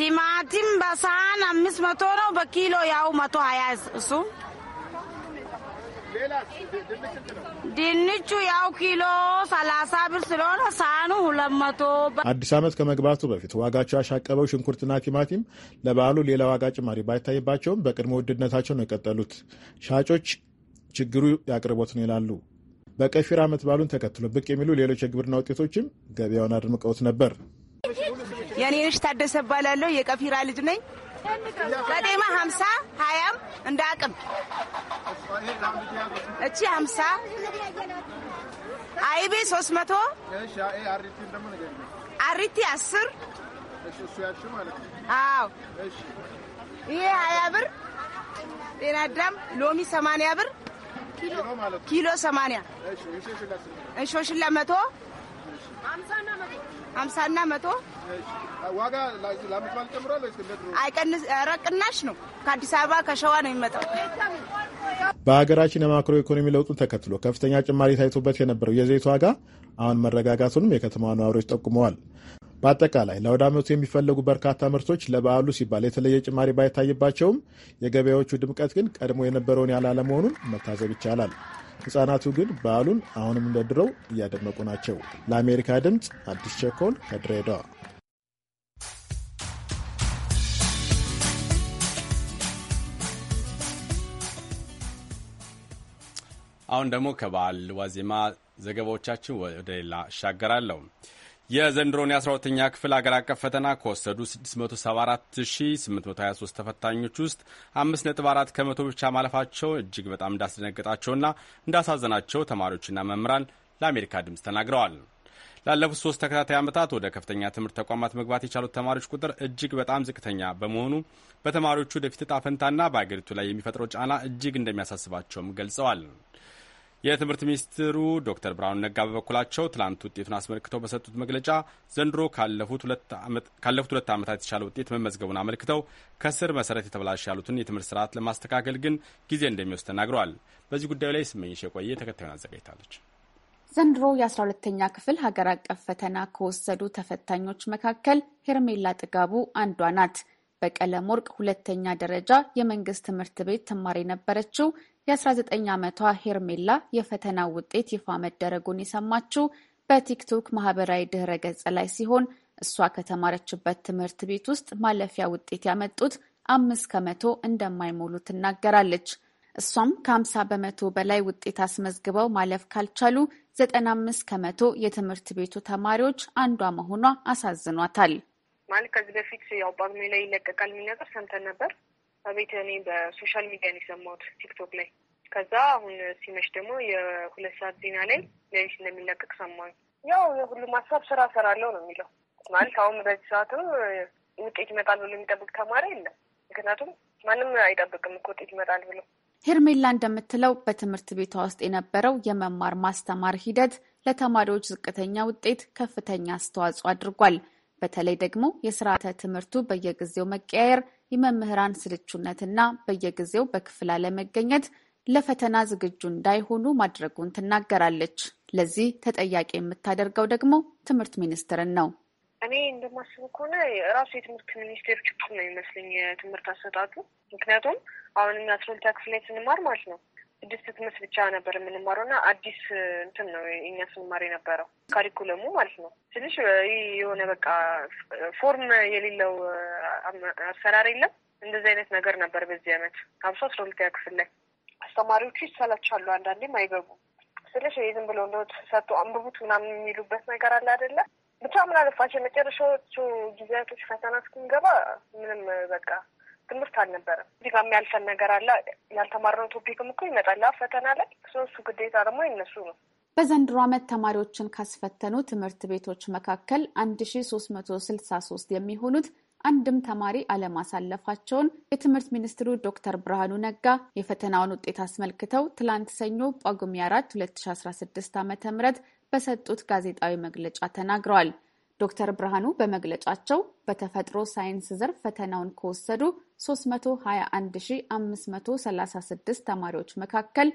S13: ቲማቲም በሳህን አምስት መቶ ነው በኪሎ ያው መቶ ሀያ እሱ ድንቹ ያው ኪሎ ሰላሳ ብር ስለሆነ ሳህኑ ሁለት መቶ
S11: አዲስ ዓመት ከመግባቱ በፊት ዋጋቸው ያሻቀበው ሽንኩርትና ቲማቲም ለበዓሉ ሌላ ዋጋ ጭማሪ ባይታይባቸውም በቅድመ ውድነታቸው ነው የቀጠሉት። ሻጮች ችግሩ ያቅርቦት ነው ይላሉ። በቀፊር ዓመት በዓሉን ተከትሎ ብቅ የሚሉ ሌሎች የግብርና ውጤቶችም ገበያውን አድምቀውት ነበር።
S4: የኔንሽ ታደሰ ባላለው የቀፊራ ልጅ ነኝ። ገዴማ ሀምሳ ሀያም እንደ አቅም እቺ ሀምሳ አይቤ ሶስት መቶ አሪቲ አስር አዎ ይሄ ሀያ ብር
S13: ጤና ሎሚ ሰማንያ ብር ኪሎ ሰማንያ እንሾሽላ መቶ ሀምሳና መቶ
S4: ዋጋ ለአመት በዓል ጨምሯል አይቀንስ? ኧረ ቅናሽ ነው። ከአዲስ አበባ ከሸዋ ነው የሚመጣው።
S11: በሀገራችን የማክሮ ኢኮኖሚ ለውጡን ተከትሎ ከፍተኛ ጭማሪ ታይቶበት የነበረው የዘይት ዋጋ አሁን መረጋጋቱንም የከተማዋ ነዋሪዎች ጠቁመዋል። በአጠቃላይ ለአውደ ዓመቱ የሚፈለጉ በርካታ ምርቶች ለበዓሉ ሲባል የተለየ ጭማሪ ባይታይባቸውም የገበያዎቹ ድምቀት ግን ቀድሞ የነበረውን ያለ አለመሆኑን መታዘብ ይቻላል። ህጻናቱ ግን በዓሉን አሁንም እንደድረው እያደመቁ ናቸው። ለአሜሪካ ድምፅ አዲስ ቸኮል ከድሬዳዋ።
S1: አሁን ደግሞ ከበዓል ዋዜማ ዘገባዎቻችን ወደ ሌላ እሻገራለሁ። የዘንድሮን የ12ተኛ ክፍል አገር አቀፍ ፈተና ከወሰዱ 674823 ተፈታኞች ውስጥ 5.4 ከመቶ ብቻ ማለፋቸው እጅግ በጣም እንዳስደነገጣቸውና እንዳሳዘናቸው ተማሪዎችና መምህራን ለአሜሪካ ድምፅ ተናግረዋል። ላለፉት ሶስት ተከታታይ ዓመታት ወደ ከፍተኛ ትምህርት ተቋማት መግባት የቻሉት ተማሪዎች ቁጥር እጅግ በጣም ዝቅተኛ በመሆኑ በተማሪዎቹ ወደፊት ዕጣ ፈንታና በአገሪቱ ላይ የሚፈጥረው ጫና እጅግ እንደሚያሳስባቸውም ገልጸዋል። የትምህርት ሚኒስትሩ ዶክተር ብርሃኑ ነጋ በበኩላቸው ትላንት ውጤቱን አስመልክተው በሰጡት መግለጫ ዘንድሮ ካለፉት ሁለት ዓመታት የተሻለ ውጤት መመዝገቡን አመልክተው ከስር መሰረት የተበላሽ ያሉትን የትምህርት ስርዓት ለማስተካከል ግን ጊዜ እንደሚወስድ ተናግረዋል። በዚህ ጉዳዩ ላይ ስመኝሽ የቆየ ተከታዩን አዘጋጅታለች።
S17: ዘንድሮ የ12ተኛ ክፍል ሀገር አቀፍ ፈተና ከወሰዱ ተፈታኞች መካከል ሄርሜላ ጥጋቡ አንዷ ናት። በቀለም ወርቅ ሁለተኛ ደረጃ የመንግስት ትምህርት ቤት ትማር ነበረችው? የ19 ዓመቷ ሄርሜላ የፈተና ውጤት ይፋ መደረጉን የሰማችው በቲክቶክ ማህበራዊ ድህረ ገጽ ላይ ሲሆን እሷ ከተማረችበት ትምህርት ቤት ውስጥ ማለፊያ ውጤት ያመጡት አምስት ከመቶ እንደማይሞሉ ትናገራለች። እሷም ከ50 በመቶ በላይ ውጤት አስመዝግበው ማለፍ ካልቻሉ 95 ከመቶ የትምህርት ቤቱ ተማሪዎች አንዷ መሆኗ አሳዝኗታል።
S16: ማለት ከዚህ በፊት ያው ጳጉሜ ላይ ይለቀቃል የሚል ነገር ሰምተን ነበር። አቤት እኔ በሶሻል ሚዲያ ነው የሰማሁት ቲክቶክ ላይ። ከዛ አሁን ሲመሽ ደግሞ የሁለት ሰዓት ዜና ላይ ሌሊት እንደሚለቀቅ ሰማኝ። ያው የሁሉም ሀሳብ ስራ ሰራለው ነው የሚለው ማለት አሁን በዚህ ሰዓትም ውጤት ይመጣል ብሎ የሚጠብቅ ተማሪ የለም። ምክንያቱም ማንም አይጠብቅም እኮ
S9: ውጤት ይመጣል ብሎ።
S17: ሄርሜላ እንደምትለው በትምህርት ቤቷ ውስጥ የነበረው የመማር ማስተማር ሂደት ለተማሪዎች ዝቅተኛ ውጤት ከፍተኛ አስተዋጽኦ አድርጓል። በተለይ ደግሞ የስርዓተ ትምህርቱ በየጊዜው መቀያየር የመምህራን ስልቹነትና በየጊዜው በክፍል አለመገኘት ለፈተና ዝግጁ እንዳይሆኑ ማድረጉን ትናገራለች። ለዚህ ተጠያቂ የምታደርገው ደግሞ ትምህርት ሚኒስትርን ነው።
S16: እኔ እንደማስበው ከሆነ ራሱ የትምህርት ሚኒስቴር ችግር ነው ይመስለኝ የትምህርት አሰጣጡ። ምክንያቱም አሁን እኛ አስራ ሁለተኛ ክፍል ላይ ስንማር ማለት ነው ስድስት ትምህርት ብቻ ነበር የምንማረው እና አዲስ እንትን ነው እኛ ስንማር የነበረው ካሪኩለሙ ማለት ነው። ትንሽ ይህ የሆነ በቃ ፎርም የሌለው አሰራር የለም እንደዚህ አይነት ነገር ነበር በዚህ አመት አብሶ አስራ ሁለተኛ ክፍል ላይ አስተማሪዎቹ ይሰላቻሉ። አንዳንዴም አይገቡም ስልሽ ዝም ብሎ እንደ ሰጥቶ አንብቡት ምናምን የሚሉበት ነገር አለ አይደለ? ብቻ ምን አለፋቸው የመጨረሻዎቹ ጊዜያቶች ፈተና እስክንገባ ምንም በቃ ትምህርት አልነበረም። እዚህ ጋር የሚያልፈን ነገር አለ። ያልተማርነው ቶፒክም እኮ ይመጣል ፈተና ላይ። እሱ ግዴታ ደግሞ ይነሱ ነው።
S17: በዘንድሮ ዓመት ተማሪዎችን ካስፈተኑ ትምህርት ቤቶች መካከል 1363 የሚሆኑት አንድም ተማሪ አለማሳለፋቸውን የትምህርት ሚኒስትሩ ዶክተር ብርሃኑ ነጋ የፈተናውን ውጤት አስመልክተው ትላንት ሰኞ ጳጉሜ 4 2016 ዓ ም በሰጡት ጋዜጣዊ መግለጫ ተናግረዋል። ዶክተር ብርሃኑ በመግለጫቸው በተፈጥሮ ሳይንስ ዘርፍ ፈተናውን ከወሰዱ 321536 ተማሪዎች መካከል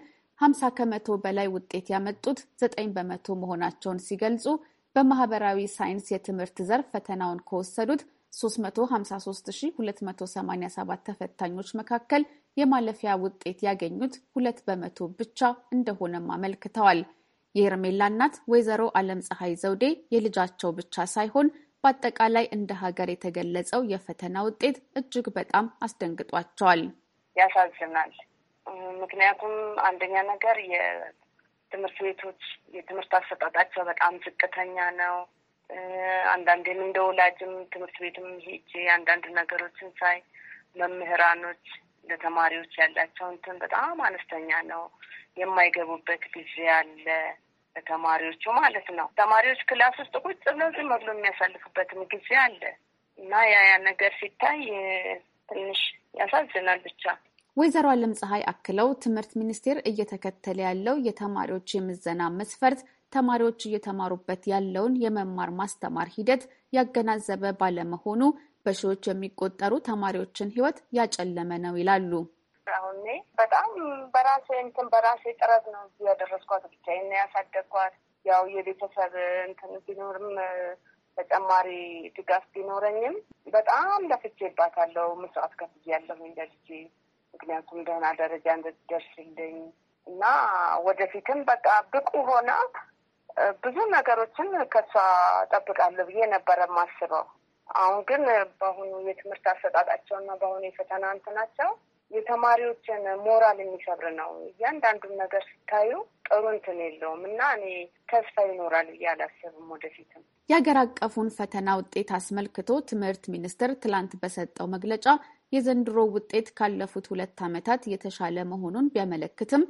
S17: 50 ከመቶ በላይ ውጤት ያመጡት 9 በመቶ መሆናቸውን ሲገልጹ በማህበራዊ ሳይንስ የትምህርት ዘርፍ ፈተናውን ከወሰዱት 353287 ተፈታኞች መካከል የማለፊያ ውጤት ያገኙት ሁለት በመቶ ብቻ እንደሆነም አመልክተዋል። የሄርሜላ እናት ወይዘሮ አለም ፀሐይ ዘውዴ የልጃቸው ብቻ ሳይሆን በአጠቃላይ እንደ ሀገር የተገለጸው የፈተና ውጤት እጅግ በጣም አስደንግጧቸዋል።
S9: ያሳዝናል።
S16: ምክንያቱም አንደኛ ነገር የትምህርት ቤቶች የትምህርት አሰጣጣቸው በጣም ዝቅተኛ ነው። አንዳንዴም እንደ ወላጅም ትምህርት ቤትም ሄጄ አንዳንድ ነገሮችን ሳይ መምህራኖች ለተማሪዎች ያላቸው እንትን በጣም አነስተኛ ነው። የማይገቡበት ጊዜ አለ። ተማሪዎቹ ማለት ነው። ተማሪዎች ክላስ ውስጥ ቁጭ ብለው ዝም ብሎ የሚያሳልፉበትም ጊዜ አለ እና ያ ያ ነገር ሲታይ ትንሽ ያሳዝናል ብቻ።
S17: ወይዘሮ አለም ፀሐይ አክለው ትምህርት ሚኒስቴር እየተከተለ ያለው የተማሪዎች የምዘና መስፈርት ተማሪዎች እየተማሩበት ያለውን የመማር ማስተማር ሂደት ያገናዘበ ባለመሆኑ በሺዎች የሚቆጠሩ ተማሪዎችን ሕይወት ያጨለመ ነው ይላሉ።
S16: አሁን በጣም በራሴ እንትን በራሴ ጥረት ነው እዚህ ያደረስኳት። ብቻዬን ነው ያሳደግኳት። ያው የቤተሰብ እንትን ቢኖርም ተጨማሪ ድጋፍ ቢኖረኝም በጣም ለፍቼባታለሁ። መስዋዕት ከፍያለሁ ለልጄ። ምክንያቱም ደህና ደረጃ እንድትደርስልኝ እና ወደፊትም በቃ ብቁ ሆና ብዙ ነገሮችን ከሷ ጠብቃለሁ ብዬ ነበረ ማስበው። አሁን ግን በአሁኑ የትምህርት አሰጣጣቸውና በአሁኑ የፈተና እንትናቸው የተማሪዎችን ሞራል የሚሰብር ነው። እያንዳንዱን ነገር ስታዩ ጥሩ እንትን የለውም እና እኔ ተስፋ ይኖራል ብዬ አላሰብም ወደፊትም።
S17: የሀገር አቀፉን ፈተና ውጤት አስመልክቶ ትምህርት ሚኒስቴር ትላንት በሰጠው መግለጫ የዘንድሮ ውጤት ካለፉት ሁለት ዓመታት የተሻለ መሆኑን ቢያመለክትም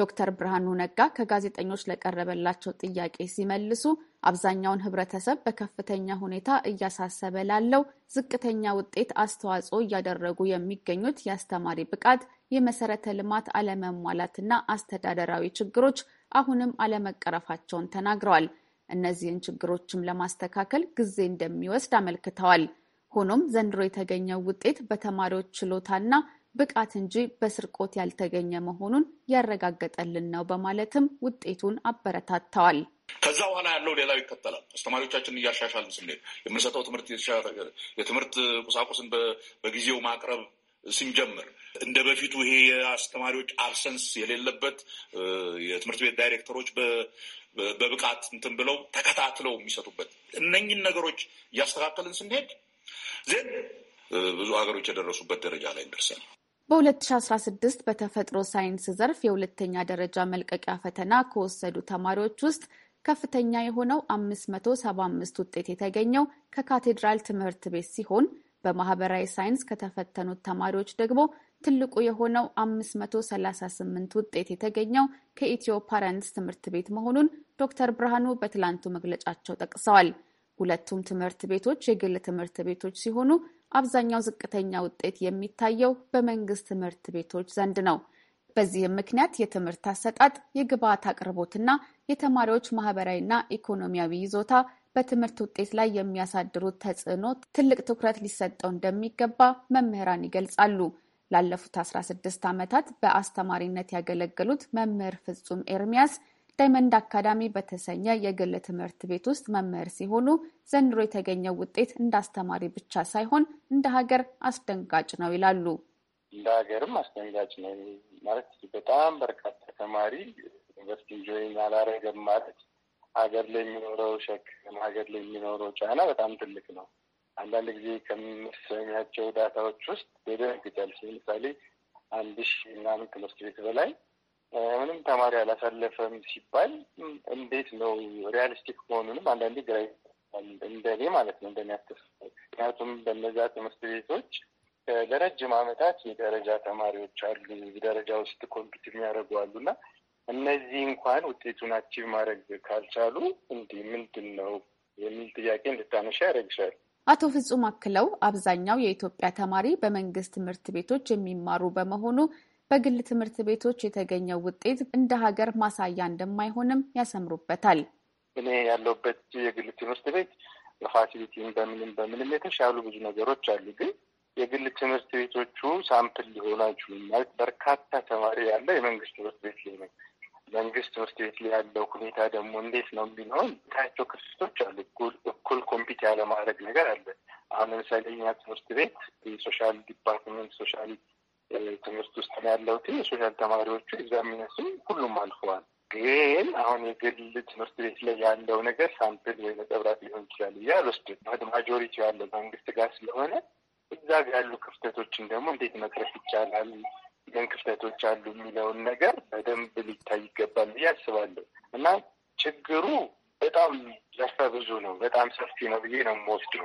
S17: ዶክተር ብርሃኑ ነጋ ከጋዜጠኞች ለቀረበላቸው ጥያቄ ሲመልሱ አብዛኛውን ህብረተሰብ በከፍተኛ ሁኔታ እያሳሰበ ላለው ዝቅተኛ ውጤት አስተዋጽኦ እያደረጉ የሚገኙት የአስተማሪ ብቃት፣ የመሰረተ ልማት አለመሟላትና አስተዳደራዊ ችግሮች አሁንም አለመቀረፋቸውን ተናግረዋል። እነዚህን ችግሮችም ለማስተካከል ጊዜ እንደሚወስድ አመልክተዋል። ሆኖም ዘንድሮ የተገኘው ውጤት በተማሪዎች ችሎታና ብቃት እንጂ በስርቆት ያልተገኘ መሆኑን ያረጋገጠልን ነው በማለትም ውጤቱን አበረታተዋል።
S9: ከዛ በኋላ ያለው ሌላው ይከተላል። አስተማሪዎቻችን እያሻሻልን ስንሄድ የምንሰጠው ትምህርት የትምህርት ቁሳቁስን በጊዜው ማቅረብ ስንጀምር እንደ በፊቱ ይሄ የአስተማሪዎች አብሰንስ የሌለበት የትምህርት ቤት ዳይሬክተሮች በብቃት እንትን ብለው ተከታትለው የሚሰጡበት እነኝን ነገሮች እያስተካከልን ስንሄድ ዜን ብዙ ሀገሮች የደረሱበት ደረጃ ላይ እንደርሳል።
S17: በ2016 በተፈጥሮ ሳይንስ ዘርፍ የሁለተኛ ደረጃ መልቀቂያ ፈተና ከወሰዱ ተማሪዎች ውስጥ ከፍተኛ የሆነው 575 ውጤት የተገኘው ከካቴድራል ትምህርት ቤት ሲሆን በማህበራዊ ሳይንስ ከተፈተኑት ተማሪዎች ደግሞ ትልቁ የሆነው 538 ውጤት የተገኘው ከኢትዮ ፓረንትስ ትምህርት ቤት መሆኑን ዶክተር ብርሃኑ በትላንቱ መግለጫቸው ጠቅሰዋል። ሁለቱም ትምህርት ቤቶች የግል ትምህርት ቤቶች ሲሆኑ አብዛኛው ዝቅተኛ ውጤት የሚታየው በመንግስት ትምህርት ቤቶች ዘንድ ነው። በዚህም ምክንያት የትምህርት አሰጣጥ፣ የግብዓት አቅርቦትና የተማሪዎች ማህበራዊና ኢኮኖሚያዊ ይዞታ በትምህርት ውጤት ላይ የሚያሳድሩት ተጽዕኖ ትልቅ ትኩረት ሊሰጠው እንደሚገባ መምህራን ይገልጻሉ። ላለፉት 16 ዓመታት በአስተማሪነት ያገለገሉት መምህር ፍጹም ኤርሚያስ ዳይመንድ አካዳሚ በተሰኘ የግል ትምህርት ቤት ውስጥ መምህር ሲሆኑ ዘንድሮ የተገኘው ውጤት እንደ አስተማሪ ብቻ ሳይሆን እንደ ሀገር አስደንጋጭ ነው ይላሉ።
S18: እንደ ሀገርም አስደንጋጭ ነው ማለት በጣም በርካታ ተማሪ ዩኒቨርሲቲ ጆይን አላረገም ማለት ሀገር ላይ የሚኖረው ሸክም፣ ሀገር ላይ የሚኖረው ጫና በጣም ትልቅ ነው። አንዳንድ ጊዜ ከምሰሚያቸው ዳታዎች ውስጥ ይደነግጫል። ለምሳሌ አንድ ሺ ምናምን ትምህርት ቤት በላይ ምንም ተማሪ አላሳለፈም ሲባል እንዴት ነው ሪያሊስቲክ መሆኑንም አንዳንዴ ግራ እንደኔ ማለት ነው እንደሚያስተስ ምክንያቱም በነዛ ትምህርት ቤቶች ለረጅም ዓመታት የደረጃ ተማሪዎች አሉ። ደረጃ ውስጥ ኮምፒት የሚያደርጉ አሉ እና እነዚህ እንኳን ውጤቱን አቺቭ ማድረግ ካልቻሉ እንዲህ ምንድን ነው የሚል ጥያቄ እንድታነሻ ያደረግሻል።
S17: አቶ ፍጹም አክለው አብዛኛው የኢትዮጵያ ተማሪ በመንግስት ትምህርት ቤቶች የሚማሩ በመሆኑ በግል ትምህርት ቤቶች የተገኘው ውጤት እንደ ሀገር ማሳያ እንደማይሆንም ያሰምሩበታል።
S18: እኔ ያለሁበት የግል ትምህርት ቤት ፋሲሊቲን በምንም በምንም የተሻሉ ብዙ ነገሮች አሉ ግን የግል ትምህርት ቤቶቹ ሳምፕል ሊሆኑ አይችሉም። ማለት በርካታ ተማሪ ያለ የመንግስት ትምህርት ቤት ላይ ነው። መንግስት ትምህርት ቤት ላይ ያለው ሁኔታ ደግሞ እንዴት ነው የሚለውን ታቸው ክስቶች አሉ። እኩል ኮምፒት ያለማድረግ ነገር አለ። አሁን ለምሳሌ እኛ ትምህርት ቤት የሶሻል ዲፓርትመንት ሶሻል ትምህርት ውስጥ ነው ያለሁት። የሶሻል ተማሪዎቹ ኤግዛሚነሱ ሁሉም አልፈዋል። ግን አሁን የግል ትምህርት ቤት ላይ ያለው ነገር ሳምፕል ወይ ነጠብራት ሊሆን ይችላል እያ ልወስድ ማጆሪቲ ያለው መንግስት ጋር ስለሆነ እዛ ጋ ያሉ ክፍተቶችን ደግሞ እንዴት መቅረፍ ይቻላል፣ ምን ክፍተቶች አሉ የሚለውን ነገር በደንብ ሊታይ ይገባል ብዬ አስባለሁ እና ችግሩ በጣም ዘርፈ ብዙ ነው፣ በጣም ሰፊ ነው ብዬ ነው የምወስደው።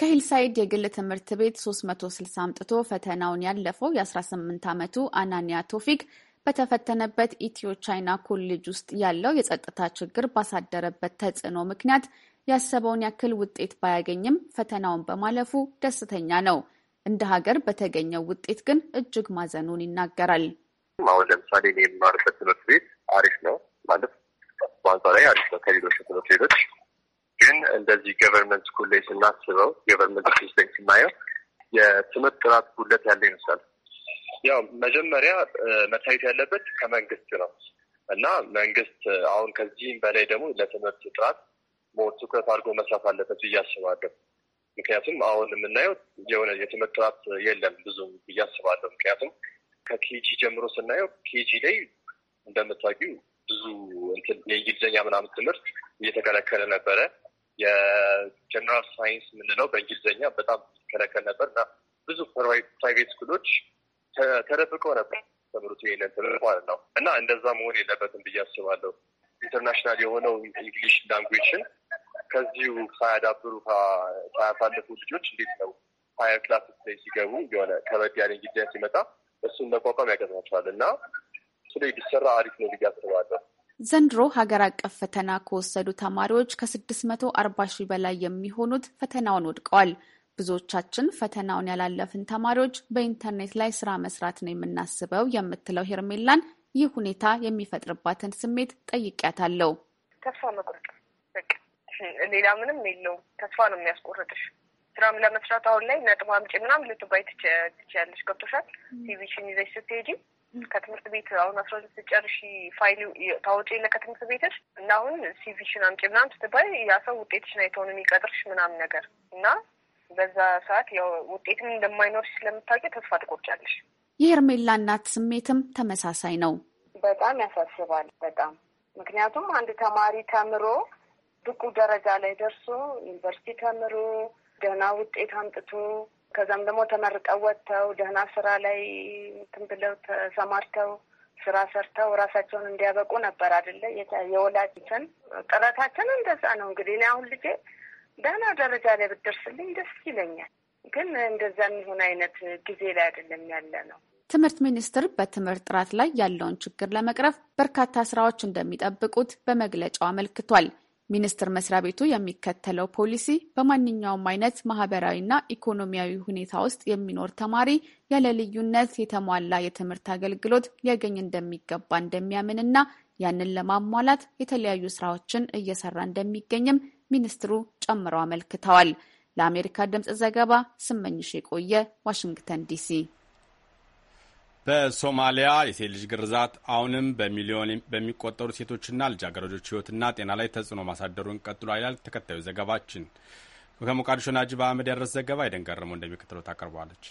S17: ከሂልሳይድ የግል ትምህርት ቤት 360 አምጥቶ ፈተናውን ያለፈው የ18 ዓመቱ አናኒያ ቶፊክ በተፈተነበት ኢትዮ ቻይና ኮሌጅ ውስጥ ያለው የጸጥታ ችግር ባሳደረበት ተጽዕኖ ምክንያት ያሰበውን ያክል ውጤት ባያገኝም ፈተናውን በማለፉ ደስተኛ ነው። እንደ ሀገር በተገኘው ውጤት ግን እጅግ ማዘኑን ይናገራል።
S9: አሁን ለምሳሌ እኔ የምማርበት ትምህርት ቤት አሪፍ ነው ማለት በአንጻ ላይ አሪፍ ነው ከሌሎች ትምህርት ቤቶች ግን እንደዚህ ገቨርንመንት ስኩል ላይ ስናስበው ገቨርንመንት ስኩል ላይ ስናየው የትምህርት ጥራት ጉድለት ያለ ይመስላል። ያው መጀመሪያ መታየት ያለበት ከመንግስት ነው እና መንግስት አሁን ከዚህም በላይ ደግሞ ለትምህርት ጥራት ሞር ትኩረት አድርጎ መስራት አለበት ብዬ አስባለሁ። ምክንያቱም አሁን የምናየው የሆነ የትምህርት ጥራት የለም ብዙ ብዬ አስባለሁ። ምክንያቱም ከኬጂ ጀምሮ ስናየው ኬጂ ላይ እንደምታውቂው ብዙ የእንግሊዝኛ ምናምን ትምህርት እየተከለከለ ነበረ። የጀነራል ሳይንስ የምንለው በእንግሊዝኛ በጣም ይከለከል ነበር እና ብዙ ፕራይቬት ስኩሎች ተደብቀው ነበር ተምሩት ይሄንን ትምህርት ማለት ነው እና እንደዛ መሆን የለበትም ብዬ አስባለሁ። ኢንተርናሽናል የሆነው ኢንግሊሽ ላንጉዌጅን ከዚሁ ሳያዳብሩ ሳያሳልፉ ልጆች እንዴት ነው ሀያር ክላስ ላይ ሲገቡ የሆነ ከበድ ያለ ጊዜ ሲመጣ እሱን መቋቋም ያገዝናቸዋል እና እሱ ላይ ቢሰራ አሪፍ ነው ብዬ አስባለሁ።
S17: ዘንድሮ ሀገር አቀፍ ፈተና ከወሰዱ ተማሪዎች ከስድስት መቶ አርባ ሺህ በላይ የሚሆኑት ፈተናውን ወድቀዋል። ብዙዎቻችን ፈተናውን ያላለፍን ተማሪዎች በኢንተርኔት ላይ ስራ መስራት ነው የምናስበው የምትለው ሄርሜላን ይህ ሁኔታ የሚፈጥርባትን ስሜት ጠይቄያታለሁ።
S16: ተስፋ መቁረጥ ሌላ ምንም የለውም። ተስፋ ነው የሚያስቆርጥሽ። ስራም ለመስራት አሁን ላይ ነጥብ አምጪ ምናምን ልትባይ ትችያለሽ። ገብቶሻል። ሲቪሽን ይዘሽ ስትሄጂ ከትምህርት ቤት አሁን አስራ ሁለት ጨርሺ ፋይል ታወጪ የለ ከትምህርት ቤትሽ እና አሁን ሲቪሽን አምጪ ምናምን ስትባይ ያ ሰው ውጤትሽን አይተውን የሚቀጥርሽ ምናምን ነገር እና በዛ ሰዓት ያው ውጤትም እንደማይኖርሽ ስለምታውቂ ተስፋ ትቆርጫለሽ።
S17: የሄርሜላ እናት ስሜትም ተመሳሳይ ነው።
S16: በጣም ያሳስባል። በጣም ምክንያቱም አንድ ተማሪ ተምሮ ብቁ ደረጃ ላይ ደርሶ ዩኒቨርሲቲ ተምሮ ደህና ውጤት አምጥቶ ከዛም ደግሞ ተመርቀው ወጥተው ደህና ስራ ላይ እንትን ብለው ተሰማርተው ስራ ሰርተው ራሳቸውን እንዲያበቁ ነበር አይደለ? የወላጅትን ጥረታችን እንደዛ ነው። እንግዲህ እኔ አሁን ልጄ ደህና ደረጃ ላይ ብትደርስልኝ ደስ ይለኛል። ግን እንደዛ የሚሆን አይነት ጊዜ ላይ አይደለም ያለ ነው።
S17: ትምህርት ሚኒስቴር በትምህርት ጥራት ላይ ያለውን ችግር ለመቅረፍ በርካታ ስራዎች እንደሚጠብቁት በመግለጫው አመልክቷል። ሚኒስቴር መስሪያ ቤቱ የሚከተለው ፖሊሲ በማንኛውም አይነት ማህበራዊና ኢኮኖሚያዊ ሁኔታ ውስጥ የሚኖር ተማሪ ያለ ልዩነት የተሟላ የትምህርት አገልግሎት ሊያገኝ እንደሚገባ እንደሚያምንና ያንን ለማሟላት የተለያዩ ስራዎችን እየሰራ እንደሚገኝም ሚኒስትሩ ጨምረው አመልክተዋል። ለአሜሪካ ድምፅ ዘገባ ስመኝሽ የቆየ ዋሽንግተን ዲሲ።
S1: በሶማሊያ የሴት ልጅ ግርዛት አሁንም በሚሊዮን በሚቆጠሩ ሴቶችና ልጃገረዶች ህይወትና ጤና ላይ ተጽዕኖ ማሳደሩን ቀጥሏል ይላል ተከታዩ ዘገባችን። ከሞቃዲሾ ናጂብ አህመድ ያደረስ ዘገባ አይደንገርመው እንደሚከተለው ታቀርበዋለች።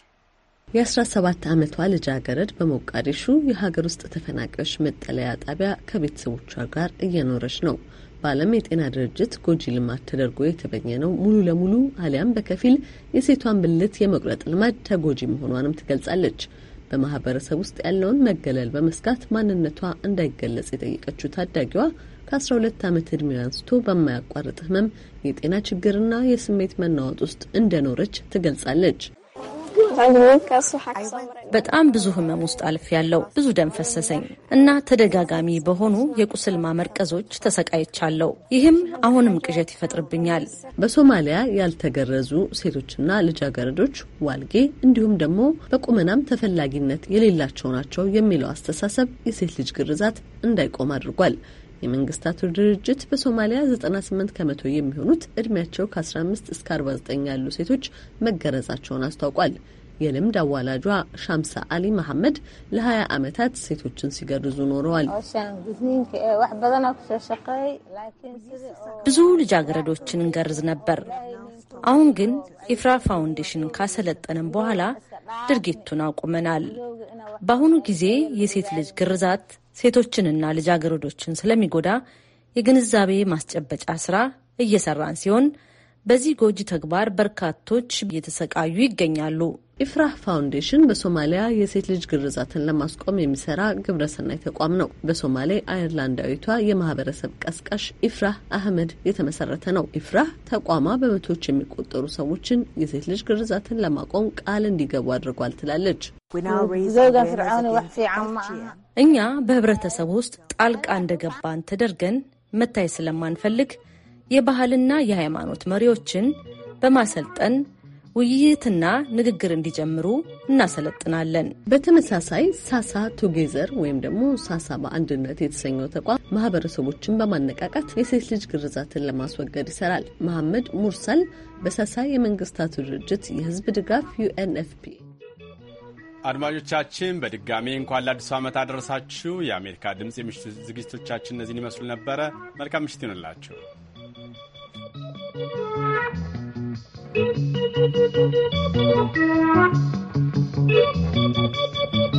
S2: የ17 ዓመቷ ልጃገረድ በሞቃዲሹ የሀገር ውስጥ ተፈናቃዮች መጠለያ ጣቢያ ከቤተሰቦቿ ጋር እየኖረች ነው። በዓለም የጤና ድርጅት ጎጂ ልማድ ተደርጎ የተበኘ ነው። ሙሉ ለሙሉ አሊያም በከፊል የሴቷን ብልት የመቁረጥ ልማድ ተጎጂ መሆኗንም ትገልጻለች። በማህበረሰብ ውስጥ ያለውን መገለል በመስጋት ማንነቷ እንዳይገለጽ የጠየቀችው ታዳጊዋ ከ ሁለት ዓመት ዕድሜ አንስቶ በማያቋርጥ ህመም፣ የጤና ችግርና የስሜት መናወጥ ውስጥ እንደኖረች ትገልጻለች። በጣም ብዙ ህመም ውስጥ አልፍ
S4: ያለው ብዙ ደም ፈሰሰኝ እና ተደጋጋሚ በሆኑ የቁስል ማመርቀዞች ተሰቃይቻለሁ።
S2: ይህም አሁንም ቅዠት ይፈጥርብኛል። በሶማሊያ ያልተገረዙ ሴቶችና ልጃገረዶች ዋልጌ እንዲሁም ደግሞ በቁመናም ተፈላጊነት የሌላቸው ናቸው የሚለው አስተሳሰብ የሴት ልጅ ግርዛት እንዳይቆም አድርጓል። የመንግስታቱ ድርጅት በሶማሊያ 98 ከመቶ የሚሆኑት እድሜያቸው ከ15 እስከ 49 ያሉ ሴቶች መገረዛቸውን አስታውቋል። የልምድ አዋላጇ ሻምሳ አሊ መሐመድ ለ20 ዓመታት ሴቶችን ሲገርዙ ኖረዋል።
S4: ብዙ ልጃገረዶችን እንገርዝ ነበር። አሁን ግን ኢፍራ ፋውንዴሽን ካሰለጠንም በኋላ ድርጊቱን አቁመናል። በአሁኑ ጊዜ የሴት ልጅ ግርዛት ሴቶችንና ልጃገረዶችን ስለሚጎዳ የግንዛቤ ማስጨበጫ ስራ እየሰራን ሲሆን በዚህ ጎጂ ተግባር በርካቶች
S2: እየተሰቃዩ ይገኛሉ። ኢፍራህ ፋውንዴሽን በሶማሊያ የሴት ልጅ ግርዛትን ለማስቆም የሚሰራ ግብረሰናይ ተቋም ነው። በሶማሌ አይርላንዳዊቷ የማህበረሰብ ቀስቃሽ ኢፍራህ አህመድ የተመሰረተ ነው። ኢፍራህ ተቋሟ በመቶዎች የሚቆጠሩ ሰዎችን የሴት ልጅ ግርዛትን ለማቆም ቃል እንዲገቡ አድርጓል ትላለች።
S4: እኛ በህብረተሰብ ውስጥ ጣልቃ እንደገባን ተደርገን መታይ ስለማንፈልግ የባህልና የሃይማኖት መሪዎችን በማሰልጠን
S2: ውይይትና ንግግር እንዲጀምሩ እናሰለጥናለን። በተመሳሳይ ሳሳ ቱጌዘር ወይም ደግሞ ሳሳ በአንድነት የተሰኘው ተቋም ማህበረሰቦችን በማነቃቃት የሴት ልጅ ግርዛትን ለማስወገድ ይሰራል። መሐመድ ሙርሰል በሳሳ የመንግስታቱ ድርጅት የህዝብ ድጋፍ ዩኤንኤፍፒ።
S1: አድማጮቻችን በድጋሜ እንኳን ለአዲሱ ዓመት አደረሳችሁ። የአሜሪካ ድምፅ የምሽቱ ዝግጅቶቻችን እነዚህን ይመስሉ ነበረ። መልካም ምሽት
S10: ይሆንላችሁ። Thank
S13: you.